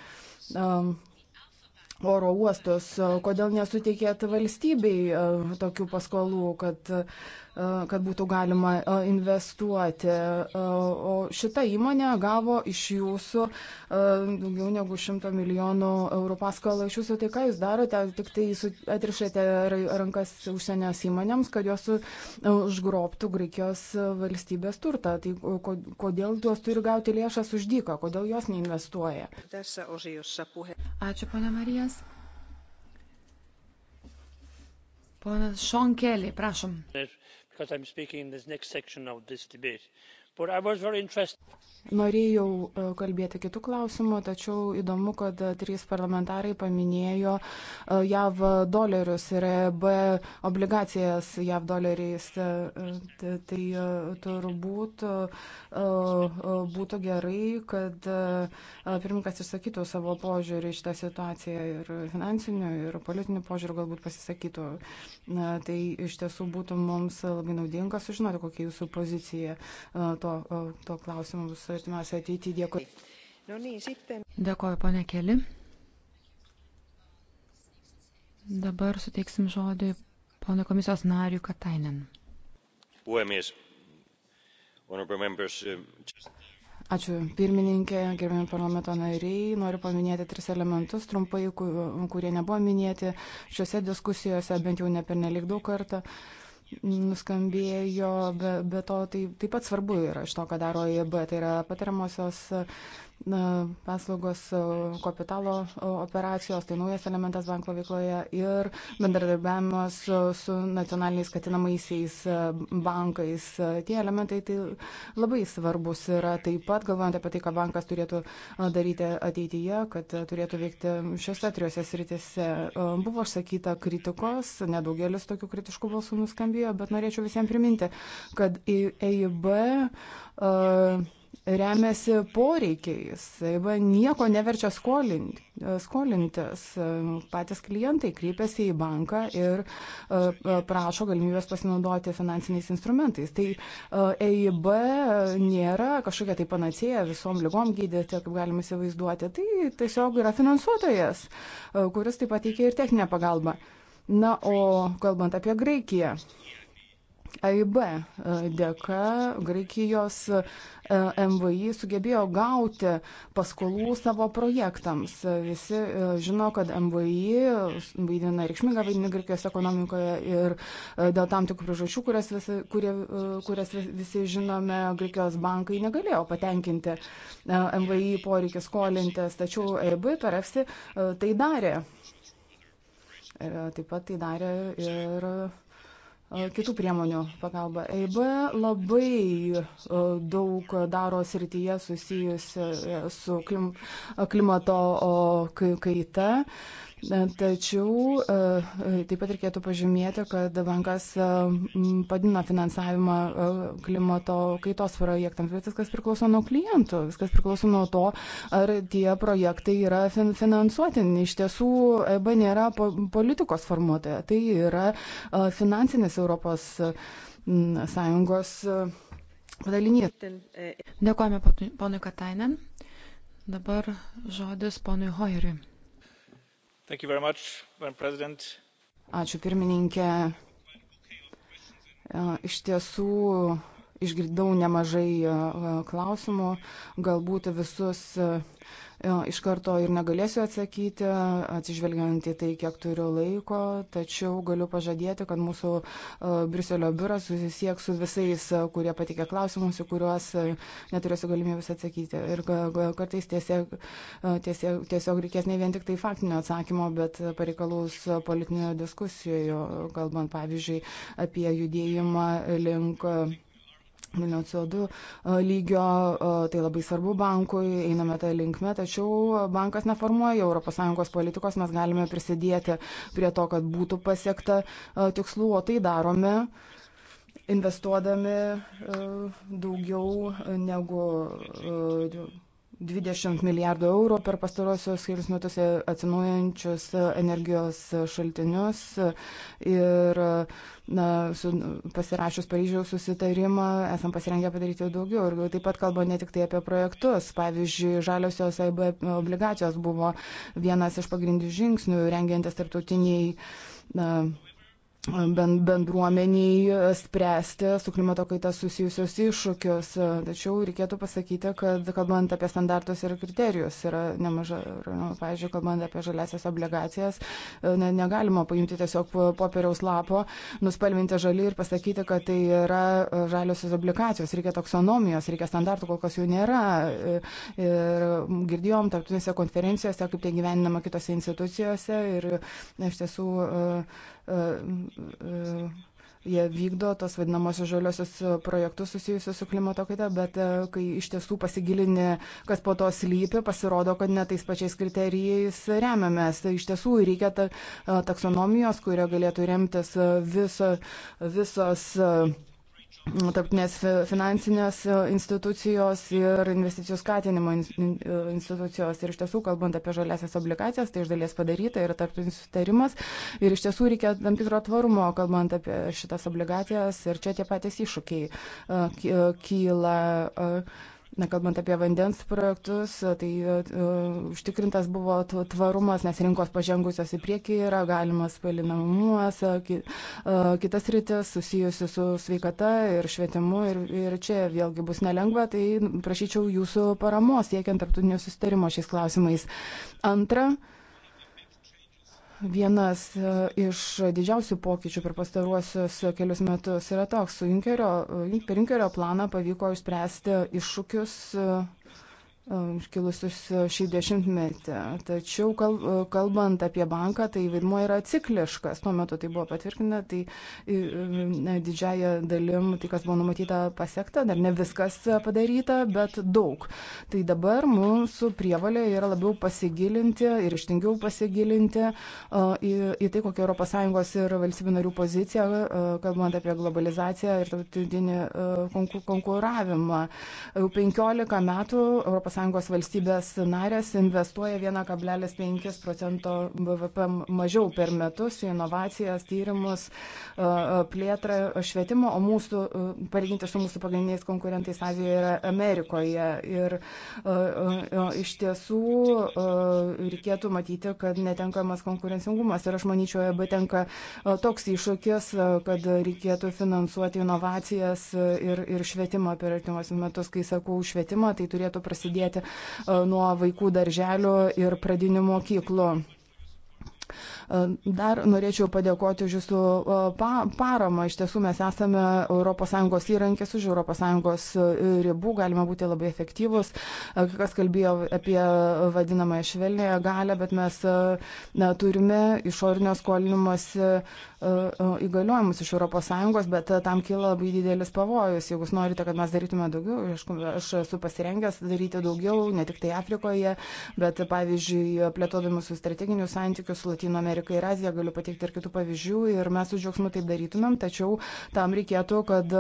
oro uostus, kodėl nesuteikėt valstybei tokių paskolų, kad E, kad būtų galima e, investuoti. E, o šita įmonė gavo iš jūsų daugiau negu 100 milijonų eurų paskolą iš jūsų. Tai ką jūs darote? Tik tai atrišate rankas užsienės įmonėms, kad jos užgrobtų Graikijos valstybės turtą. Tai kodėl jos turi gauti lėšas už dyką? Kodėl jos neinvestuoja? Ačiū, ponia Marijas. Ponas Šonkelį, prašom because i'm speaking in this next section of this debate. Norėjau e, kalbėti kitų klausimų, tačiau įdomu, kad trys parlamentarai paminėjo e, JAV dolerius ir EB obligacijas JAV doleriais. E, tai turbūt būtų gerai, kad pirmininkas išsakytų savo požiūrį šitą situaciją ir finansinių, ir politinių požiūrį galbūt pasisakytų. Tai iš tiesų būtų mums labai naudinga sužinoti, kokia jūsų pozicija to tuo, tuo klausimu bus artimiausia ateityje. Dėkui. Dėkoju, ponė Keli. Dabar suteiksim žodį ponui komisijos nariui Katainen. Puhemies. Honorable members. E, Ačiū pirmininkė, gerbėjim parlamento nariai. Noriu paminėti tris elementus trumpai, kurie nebuvo minėti šiuose diskusijose, bent jau ne per nelik daug kartą. Uh, nuskambėjo, be, be to tai taip pat svarbu yra iš to, ką daro EIB, tai yra patariamosios paslaugos e, kapitalo e, operacijos, tai naujas elementas banko veikloje ir bendradarbiavimas e, su nacionaliniais skatinamaisiais bankais. Tie elementai tai labai svarbus yra taip pat, galvojant apie tai, ką bankas turėtų daryti ateityje, kad turėtų veikti šiose trijose sritise. Buvo išsakyta kritikos, nedaugelis tokių kritiškų balsų nuskambėjo, bet norėčiau visiems priminti, kad EIB uh, remiasi poreikiais, arba nieko neverčia skolint, skolintis. Patys klientai kreipiasi į banką ir e, prašo galimybės pasinaudoti finansiniais instrumentais. Tai EIB e nėra kažkokia tai panacėja visom lygom gydyti, kaip galima įsivaizduoti. Tai tiesiog yra finansuotojas, e, kuris taip pat teikia ir techninę pagalbą. Na, o kalbant apie Graikiją. AIB e, dėka Graikijos e, MVI sugebėjo gauti paskolų savo projektams. Visi e, žino, kad MVI vaidina reikšmingą vaidmenį Graikijos ekonomikoje ir dėl tam tikrų priežasčių, kurias, visi, kurie, kurias visi žinome, Graikijos bankai negalėjo patenkinti MVI poreikį skolintis, tačiau AIB per EFSI tai darė. Ir taip pat tai darė ir kitų priemonių pagalba. EIB labai daug daro srityje susijusi e, su klimato kaita. Kai Tačiau e, e, taip pat reikėtų pažymėti, kad bankas e, padina finansavimą klimato kaitos projektams. Viskas priklauso nuo klientų, viskas priklauso nuo to, ar tie projektai yra finansuoti. Iš tiesų, EBA nėra politikos formuotoja, tai yra finansinis Europos Sąjungos padalinys. Dėkojame ponui Katainen. Dabar žodis ponui Hoiriui. Much, Ačiū pirmininkė. E, iš tiesų Išgirdau nemažai e, klausimų, galbūt visus e, e, iš karto ir negalėsiu atsakyti, atsižvelgiant į tai, kiek turiu laiko, tačiau galiu pažadėti, kad mūsų Briuselio biuras susisieks su visais, kurie patikė klausimus, į kuriuos neturėsiu galimybės atsakyti. Ir kartais tiesiog, tiesiog, tiesiog reikės ne vien tik tai faktinio atsakymo, bet pareikalaus politinio diskusijų, kalbant pavyzdžiui apie judėjimą link Vilnių CO2 lygio, tai labai svarbu bankui, einame tą linkmę, tačiau bankas neformuoja ES politikos, mes galime prisidėti prie to, kad būtų pasiekta tikslų, o tai darome investuodami daugiau negu 20 milijardų eurų per pastarosios kelius metus e, atsinaujančius e, energijos šaltinius ir na, su, pasirašius Paryžiaus susitarimą esam pasirengę padaryti daugiau. Ir taip pat kalba ne tik tai apie projektus. Pavyzdžiui, žaliosios AIB obligacijos buvo vienas iš pagrindinių žingsnių rengiantis tarptautiniai. Na, bendruomeniai e, spręsti su klimato kaita susijusios iššūkius. Tačiau reikėtų pasakyti, kad kalbant apie standartus ir kriterijus yra nemaža, nu, pavyzdžiui, kalbant apie žaliasias obligacijas, e, ne, negalima paimti tiesiog popieriaus lapo, nuspalvinti žalį ir pasakyti, kad tai yra e, žaliosios obligacijos. Reikia taksonomijos, reikia standartų, kol kas jų nėra. Ir girdėjom tarptautinėse konferencijose, kaip tai gyvenama kitose institucijose. Ir iš tiesų E, e, jie vykdo tos vadinamosios žaliosios projektus susijusios su klimato kaita, bet e, kai iš tiesų pasigilini, kas po to slypi, pasirodo, kad ne tais pačiais kriterijais remiamės. Tai iš tiesų reikia ta, taksonomijos, kurio galėtų remtis viso, visos. visos tarptinės finansinės e, institucijos ir investicijų skatinimo e, institucijos. Ir iš tiesų, kalbant apie žaliasias obligacijas, tai iš dalies padaryta ir tarptinis sutarimas. Ir iš tiesų reikia tam tikro tvarumo, kalbant apie šitas obligacijas. Ir čia tie patys iššūkiai e, kyla. Uh, Nekalbant apie vandens projektus, tai uh, užtikrintas buvo tvarumas, nes rinkos pažengusios į priekį yra galimas palinamumas, e, ki, uh, kitas rytis susijusi su sveikata ir švietimu ir, ir čia vėlgi bus nelengva, tai prašyčiau jūsų paramos siekiant tarptautinio sustarimo šiais klausimais. Antra, uh, Vienas e, iš didžiausių pokyčių per pastaruosius kelius metus yra toks, su Junkerio, e, per Junkerio planą pavyko išspręsti iššūkius e, iškilusius e, e, šį dešimtmetį. Tačiau e, kalbant apie banką, tai vaidmuo yra cikliškas. Tuo metu tai buvo patvirtina, tai didžiaja dalim, tai kas buvo numatyta pasiekta, dar ne viskas padaryta, bet daug. Tai dabar mūsų prievalė yra labiau pasigilinti ir ištingiau pasigilinti į, į tai, kokia ES ir valstybių narių pozicija, kalbant apie globalizaciją ir tautinį konkuravimą. Jau 15 metų ES ES valstybės narės investuoja 1,5 procento BVP mažiau per metus į inovacijas, tyrimus, plėtrą, švietimą, o mūsų, palyginti su mūsų pagrindiniais konkurentais Azijoje ir Amerikoje. Ir iš tiesų reikėtų matyti, kad netenkamas konkurencingumas. Ir aš manyčiau, EB tenka toks iššūkis, kad reikėtų finansuoti inovacijas ir, ir švietimą per artimuosius metus. Kai sakau švietimą, tai turėtų prasidėti pradėti e, nuo vaikų darželio ir pradinių mokyklų. Dar norėčiau padėkoti už jūsų e, paramą. Iš tiesų mes esame ES įrankis už ES e, ribų, galime būti labai efektyvus. E, kas kalbėjo apie vadinamąją švelnėją galę, bet mes na, turime išorinio skolinimas įgaliojimus iš ES, bet tam kyla labai didelis pavojus. Jeigu jūs norite, kad mes darytume daugiau, aišku, aš esu pasirengęs daryti daugiau, ne tik tai Afrikoje, bet pavyzdžiui, plėtodami su strateginius santykius su Latino Amerika. Ameriką ir Aziją, galiu pateikti ir kitų pavyzdžių ir mes su džiaugsmu tai darytumėm, tačiau tam reikėtų, kad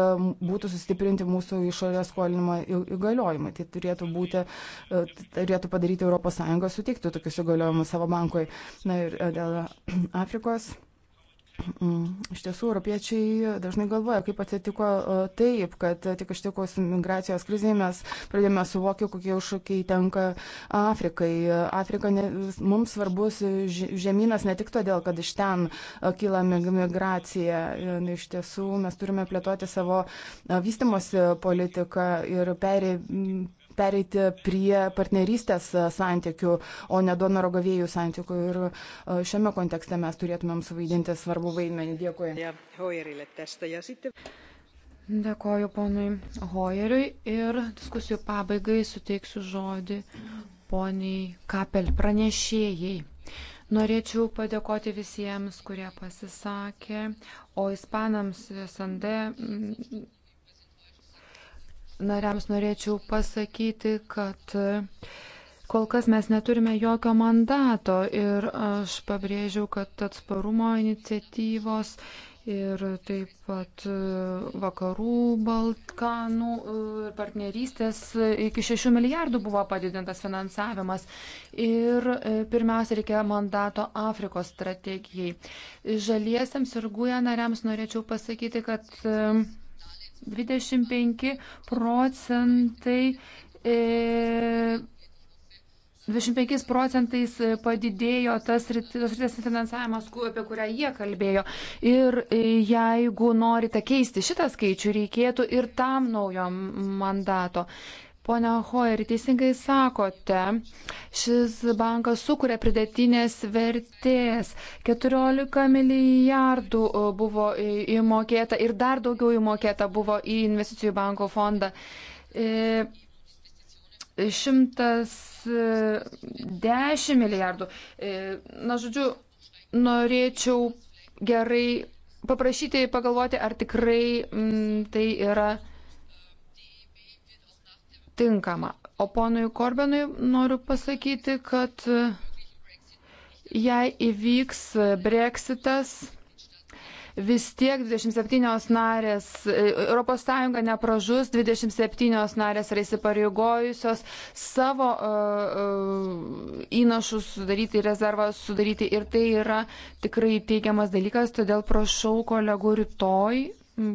būtų sustiprinti mūsų išorės skolinimo įgaliojimai. Tai turėtų, būti, e, turėtų padaryti ES, suteikti tokius įgaliojimus savo bankui. Na ir e, dėl Afrikos. Mm, iš tiesų, europiečiai dažnai galvoja, kaip atsitiko e, taip, kad tik ištikus migracijos krizėje mes pradėjome suvokti, kokie užšūkiai tenka Afrikai. Afrika ne, mums svarbus žemynas ne tik todėl, kad iš ten e, kyla migracija. Iš tiesų, mes turime plėtoti savo e, vystimosi politiką ir perė, pereiti prie partnerystės santykių, o ne donoro gavėjų santykių. Ir e, šiame kontekste mes turėtumėm suvaidinti svarbu vaidmenį. Dėkui. Dėkoju ponui Hoyeriui ir diskusijų pabaigai suteiksiu žodį poniai Kapel pranešėjai. Norėčiau padėkoti visiems, kurie pasisakė, o ispanams SND nariams norėčiau pasakyti, kad e, kol kas mes neturime jokio mandato ir aš pabrėžiau, kad atsparumo iniciatyvos ir taip pat e, vakarų Balkanų e, partnerystės iki 6 milijardų buvo padidintas finansavimas ir pirmiausia reikėjo mandato Afrikos strategijai. Žaliesiams ir guja nariams norėčiau pasakyti, kad 25 procentai. E, 25 procentais padidėjo tas rytis finansavimas, apie kurią jie kalbėjo. Ir e, jeigu norite keisti šitą skaičių, reikėtų ir tam naujo mandato. Pone Hoer, teisingai sakote, šis bankas sukuria pridėtinės vertės. 14 milijardų e, buvo įmokėta ir dar daugiau įmokėta buvo į investicijų banko fondą. 110 e, e, milijardų. Na, žodžiu, norėčiau gerai paprašyti pagalvoti, ar tikrai m, mm, tai yra tinkama. O ponui Korbenui noriu pasakyti, kad e, jei įvyks e, breksitas, vis tiek 27 narės, ES nepražus, 27 narės yra įsipareigojusios savo uh, įnašus sudaryti, rezervą sudaryti ir tai yra tikrai teigiamas dalykas, todėl prašau kolegų rytoj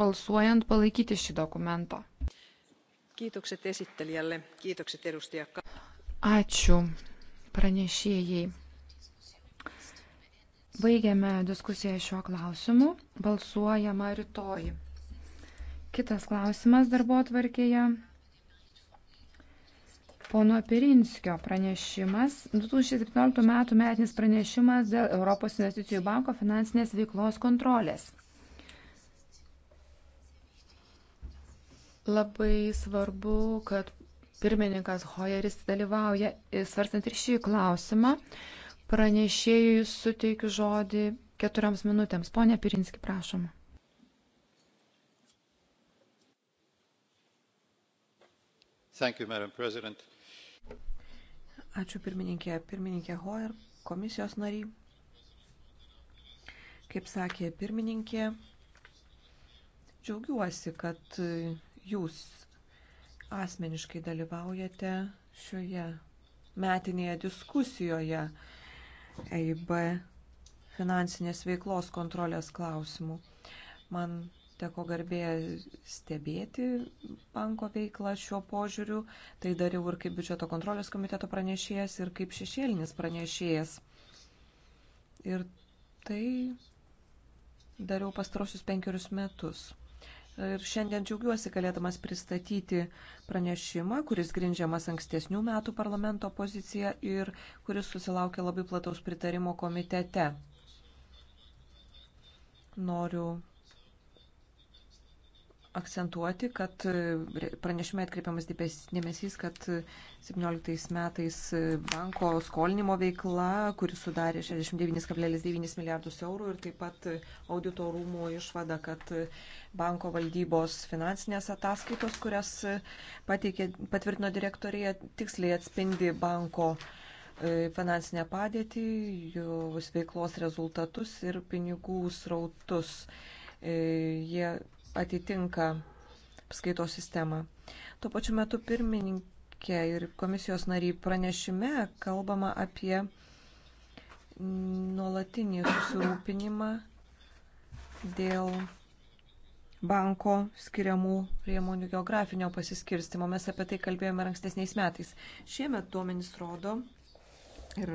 balsuojant palaikyti šį dokumentą. Kiitokset esittelijälle, kiitokset edustaja. Ačiū pranešėjai. Baigiame diskusiją šiuo klausimu. Balsuojama rytoj. Kitas klausimas darbo atvarkėje. Pono Pirinskio pranešimas, 2017 m. metinis pranešimas dėl Europos investicijų banko finansinės veiklos kontrolės. Labai svarbu, kad pirmininkas Hoyeris dalyvauja e, svarstant ir šį klausimą. Pranešėjui suteikiu žodį keturioms minutėms. Pone Pirinski, prašom. You, Ačiū pirmininkė, pirmininkė Hoyer, komisijos nariai. Kaip sakė pirmininkė, džiaugiuosi, kad jūs asmeniškai dalyvaujate šioje metinėje diskusijoje EIB finansinės veiklos kontrolės klausimų. Man teko garbė stebėti banko veiklą šiuo požiūriu. Tai dariau ir kaip biudžeto kontrolės komiteto pranešėjas, ir kaip šešėlinis pranešėjas. Ir tai dariau pastarosius penkerius metus. Ir šiandien džiaugiuosi galėdamas pristatyti pranešimą, kuris grindžiamas ankstesnių metų parlamento pozicija ir kuris susilaukė labai plataus pritarimo komitete. Noriu akcentuoti, kad e, pranešime atkreipiamas dėmesys, kad 17 e, metais e, banko skolinimo veikla, kuri sudarė 69,9 milijardus eurų ir taip pat audito rūmų išvada, kad banko valdybos finansinės ataskaitos, kurias pateikė, patvirtino direktorija, tiksliai atspindi banko finansinę padėtį, jos veiklos rezultatus ir pinigų srautus. Jie atitinka apskaitos sistemą. Tuo pačiu metu pirmininkė ir komisijos nariai pranešime kalbama apie nuolatinį susirūpinimą dėl banko skiriamų priemonių geografinio pasiskirstimo. Mes apie tai kalbėjome ankstesniais metais. Šiemet duomenys rodo ir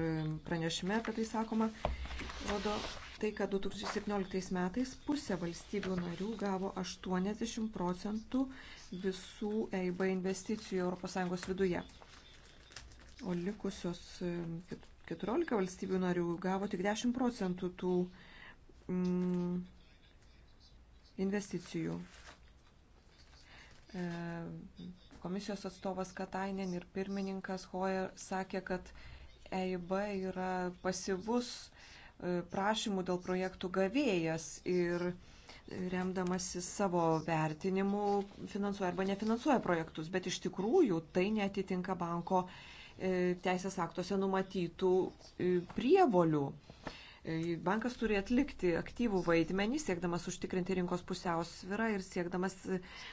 pranešime apie tai sakoma, rodo, tai, kad 2017 metais pusė valstybių narių gavo 80 procentų visų EIB investicijų ES viduje. O likusios 14 valstybių narių gavo tik 10 procentų tų mm, investicijų. E, komisijos atstovas Katainen ir pirmininkas Hoyer sakė, kad EIB yra pasivus E, prašymų dėl projektų gavėjas ir remdamasi savo vertinimu finansuoja arba nefinansuoja projektus, bet iš tikrųjų tai netitinka banko e, teisės aktuose numatytų e, prievolių. Bankas turi atlikti aktyvų vaidmenį, siekdamas užtikrinti rinkos pusiausvyrą ir siekdamas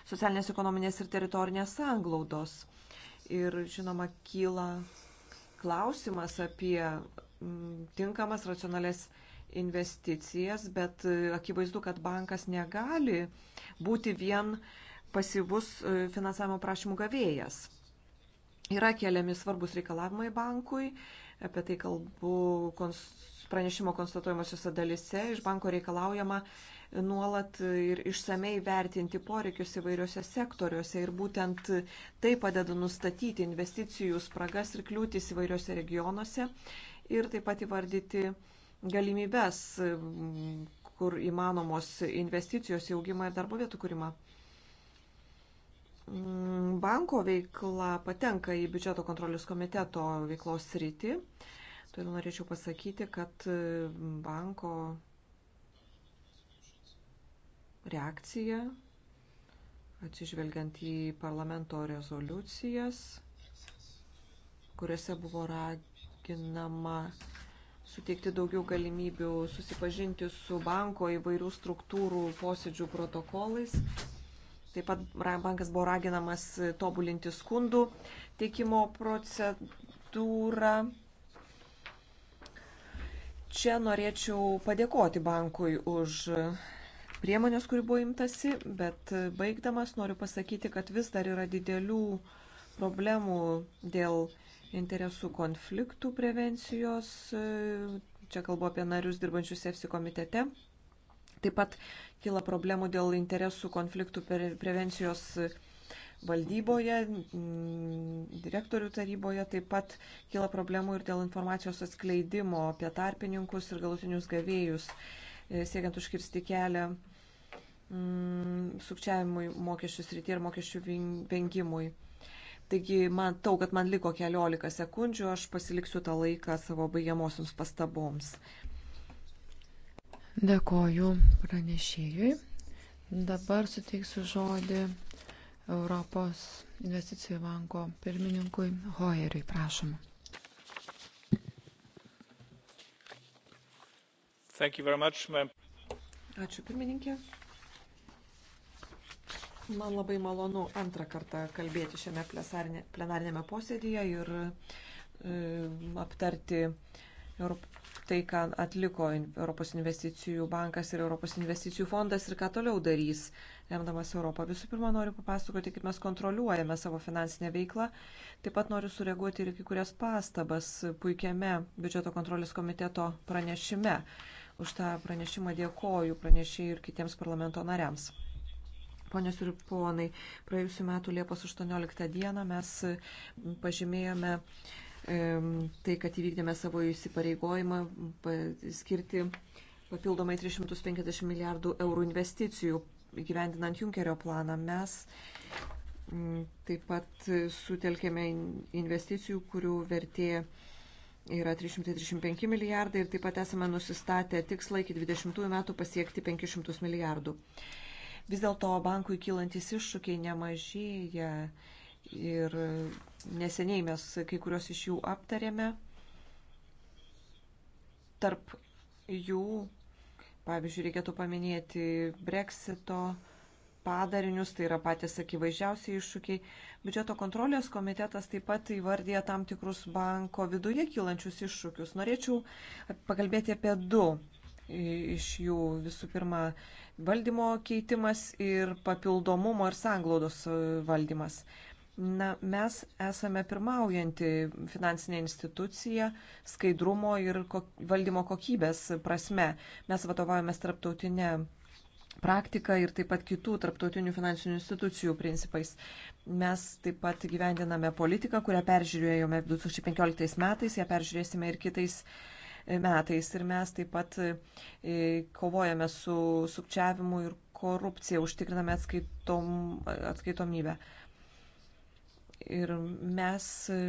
socialinės, ekonominės ir teritorinės sanglaudos. Ir žinoma, kyla klausimas apie Mm, tinkamas, racionalės investicijas, bet e, akivaizdu, kad bankas negali būti vien pasivus e, finansavimo prašymų gavėjas. Yra keliami svarbus reikalavimai bankui, apie tai kalbu kons, pranešimo konstatuojamosiose dalise, iš banko reikalaujama nuolat ir išsamei vertinti poreikius įvairiuose sektoriuose ir būtent tai padeda nustatyti investicijų spragas ir kliūtis įvairiuose regionuose ir taip pat įvardyti galimybes, kur įmanomos investicijos į augimą ir darbo vietų kūrimą. Mm, banko veikla patenka į biudžeto kontrolės komiteto veiklos sritį. Todėl norėčiau pasakyti, kad e, banko reakcija, atsižvelgiant į parlamento rezoliucijas, kuriuose buvo raginti raginama suteikti daugiau galimybių susipažinti su banko įvairių struktūrų posėdžių protokolais. Taip pat bankas buvo raginamas tobulinti skundų teikimo procedūrą. Čia norėčiau padėkoti bankui už priemonės, kurių buvo imtasi, bet baigdamas noriu pasakyti, kad vis dar yra didelių problemų dėl interesų konfliktų prevencijos. E, čia kalbu apie narius dirbančius EFSI komitete. Taip pat kyla problemų dėl interesų konfliktų prevencijos valdyboje, direktorių taryboje. Taip pat kyla problemų ir dėl informacijos atskleidimo apie tarpininkus ir galutinius gavėjus, e, siekiant užkirsti kelią sukčiavimui mokesčių srityje ir mokesčių vengimui. Taigi matau, kad man liko keliolika sekundžių, aš pasiliksiu tą laiką savo baigiamosioms pastaboms. Dėkoju pranešėjui. Dabar suteiksiu žodį Europos investicijų banko pirmininkui Hoeriui. Prašom. Much, Ačiū pirmininkė. Man labai malonu antrą kartą kalbėti šiame plenarinėme posėdėje ir e, aptarti Europ... tai, ką atliko Europos investicijų bankas ir Europos investicijų fondas ir ką toliau darys, remdamas Europą. Visų pirma, noriu papasakoti, kaip mes kontroliuojame savo finansinę veiklą. Taip pat noriu sureaguoti ir kai kurias pastabas puikiame biudžeto kontrolės komiteto pranešime. Už tą pranešimą dėkoju pranešėjai ir kitiems parlamento nariams. Ponios ir ponai, praėjusiu metu Liepos 18 dieną mes pažymėjome tai, kad įvykdėme savo įsipareigojimą skirti papildomai 350 milijardų eurų investicijų gyvendinant Junkerio planą. Mes taip pat sutelkėme investicijų, kurių vertė yra 335 milijardai ir taip pat esame nusistatę tikslą iki 20 metų pasiekti 500 milijardų. Vis dėlto bankui kylantis iššūkiai nemažėja ir neseniai mes kai kurios iš jų aptarėme. Tarp jų, pavyzdžiui, reikėtų paminėti Brexito padarinius, tai yra patys akivaizdžiausiai iššūkiai. Biudžeto kontrolės komitetas taip pat įvardė tam tikrus banko viduje kylančius iššūkius. Norėčiau pakalbėti apie du iš jų visų pirma valdymo keitimas ir papildomumo ir sanglaudos e, valdymas. Na, mes esame pirmaujanti finansinė institucija skaidrumo ir kok valdymo kokybės prasme. Mes vadovaujamės tarptautinę praktiką ir taip pat kitų tarptautinių finansinių institucijų principais. Mes taip pat gyvendiname politiką, kurią peržiūrėjome 2015 metais, ją peržiūrėsime ir kitais metais. Ir mes taip pat e, kovojame su sukčiavimu ir korupcija, užtikriname atskaitom, atskaitomybę. Ir mes e,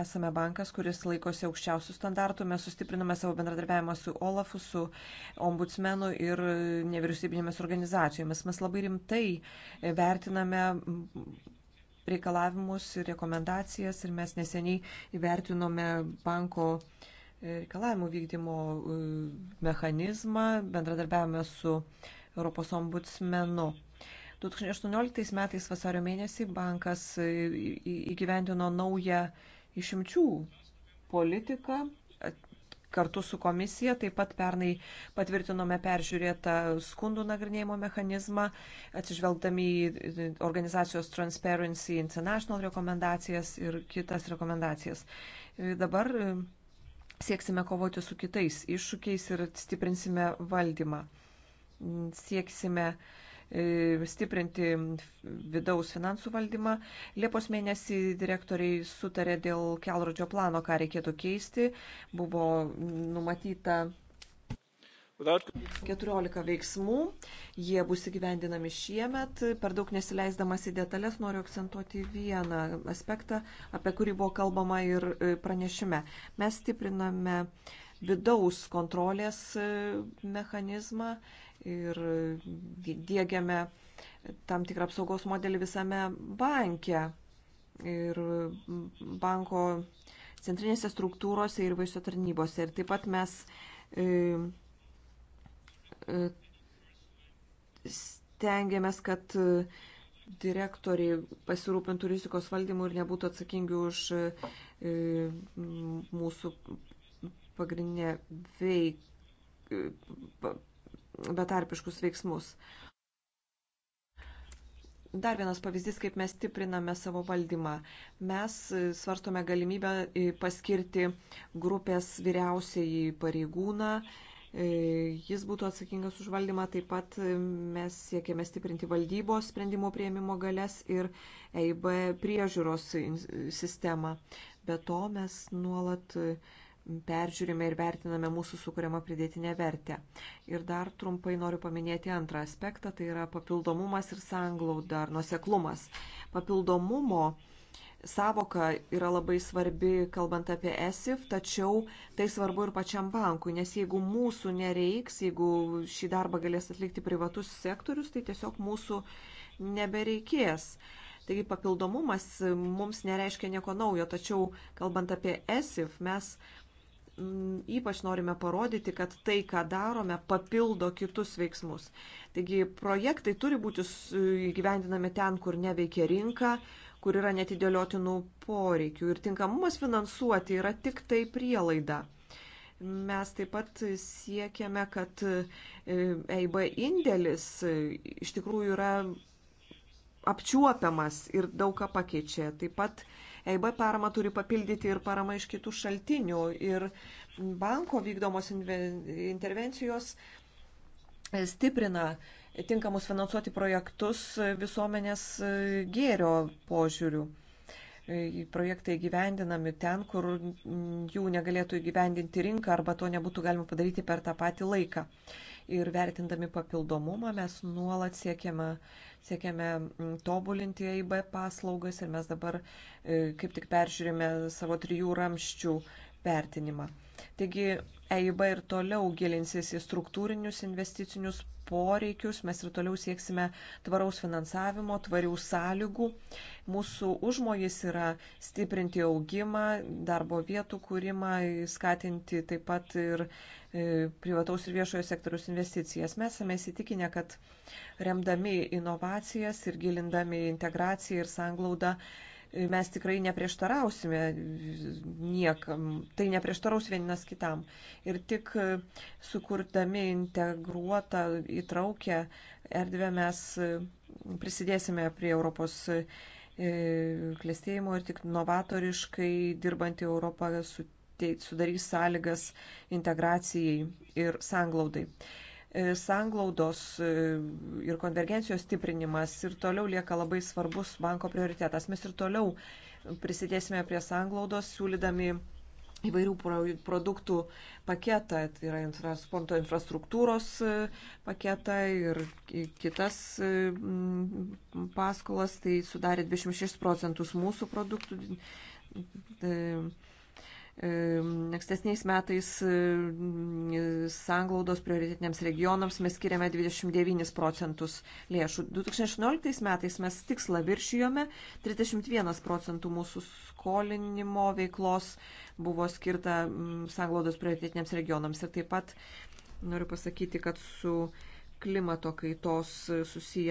Esame bankas, kuris laikosi aukščiausių standartų. Mes sustipriname savo bendradarbiavimą su Olafu, su ombudsmenu ir e, nevyriausybinėmis organizacijomis. Mes labai rimtai vertiname reikalavimus ir rekomendacijas ir mes neseniai įvertinome banko reikalavimų vykdymo e, mechanizmą bendradarbiavome su Europos ombudsmenu. 2018 metais vasario mėnesį bankas e, įgyvendino naują išimčių politiką kartu su komisija. Taip pat pernai patvirtinome peržiūrėtą skundų nagrinėjimo mechanizmą, atsižvelgdami į organizacijos Transparency International rekomendacijas ir kitas rekomendacijas. E, dabar Sieksime kovoti su kitais iššūkiais ir stiprinsime valdymą. Sieksime e, stiprinti vidaus finansų valdymą. Liepos mėnesį direktoriai sutarė dėl kelrodžio plano, ką reikėtų keisti. Buvo numatyta 14 veiksmų, jie bus įgyvendinami šiemet. Per daug nesileisdamas į detalės noriu akcentuoti vieną aspektą, apie kurį buvo kalbama ir e, pranešime. Mes stipriname vidaus kontrolės e, mechanizmą ir e, dėgiame tam tikrą apsaugos modelį visame banke. Ir banko centrinėse struktūrose ir vaisio tarnybose. Ir taip pat mes stengiamės, kad direktoriai pasirūpintų rizikos valdymu ir nebūtų atsakingi už e, mūsų pagrindinę veik... betarpiškus veiksmus. Dar vienas pavyzdys, kaip mes stipriname savo valdymą. Mes svarstome galimybę e, paskirti grupės vyriausiai pareigūną, E, jis būtų atsakingas už valdymą, taip pat e, mes siekėme stiprinti valdybos sprendimo prieimimo galės ir EIB priežiūros sistemą. Be to mes nuolat e, peržiūrime ir vertiname mūsų sukūriamą pridėtinę vertę. Ir dar trumpai noriu paminėti antrą aspektą, tai yra papildomumas ir sanglauda ar nuseklumas. Papildomumo uh, savoka yra labai svarbi, kalbant apie ESIF, tačiau tai svarbu ir pačiam bankui, nes jeigu mūsų nereiks, jeigu šį darbą galės atlikti privatus sektorius, tai tiesiog mūsų nebereikės. Taigi papildomumas mums nereiškia nieko naujo, tačiau kalbant apie ESIF, mes mm, ypač norime parodyti, kad tai, ką darome, papildo kitus veiksmus. Taigi projektai turi būti įgyvendinami ten, kur neveikia rinka, kur yra netidėliotinų poreikių ir tinkamumas finansuoti yra tik tai prielaida. Mes taip pat siekiame, kad EIB e indėlis e, iš tikrųjų yra apčiuopiamas ir daug ką pakeičia. Taip pat EIB parama turi papildyti ir parama iš kitų šaltinių. Ir banko vykdomos intervencijos e, stiprina uh, tinkamus finansuoti projektus visuomenės e, gėrio požiūrių. E, projektai gyvendinami ten, kur mm, jų negalėtų įgyvendinti rinka arba to nebūtų galima padaryti per tą patį laiką. Ir vertindami papildomumą mes nuolat siekiame, siekiame mm, tobulinti AIB paslaugas ir mes dabar e, kaip tik peržiūrime savo trijų ramščių vertinimą. Taigi EIB ir toliau gilinsis į struktūrinius investicinius poreikius, mes ir toliau sieksime tvaraus finansavimo, tvarių sąlygų. Mūsų užmojis yra stiprinti augimą, darbo vietų kūrimą, skatinti taip pat ir e, privataus ir viešojo sektoriaus investicijas. Mes esame įsitikinę, kad remdami inovacijas ir gilindami integraciją ir sanglaudą mes tikrai neprieštarausime niekam, tai neprieštaraus vienas kitam. Ir tik e, sukurdami integruotą, įtraukę erdvę mes e, prisidėsime prie Europos e, klėstėjimo ir tik novatoriškai dirbantį Europą sudarys sąlygas integracijai ir sanglaudai. E, sanglaudos e, ir konvergencijos stiprinimas ir toliau lieka labai svarbus banko prioritetas. Mes ir toliau prisidėsime prie sanglaudos, siūlydami įvairių produktų paketą, tai yra transporto infrastruktūros e, paketą ir kitas paskolas, tai sudarė 26 procentus mūsų produktų Ankstesniais metais sanglaudos prioritetiniams regionams mes skiriame 29 procentus lėšų. 2018 metais mes tikslą viršijome, 31 procentų mūsų skolinimo veiklos buvo skirta sanglaudos prioritetiniams regionams. Ir taip pat noriu pasakyti, kad su klimato kaitos susiję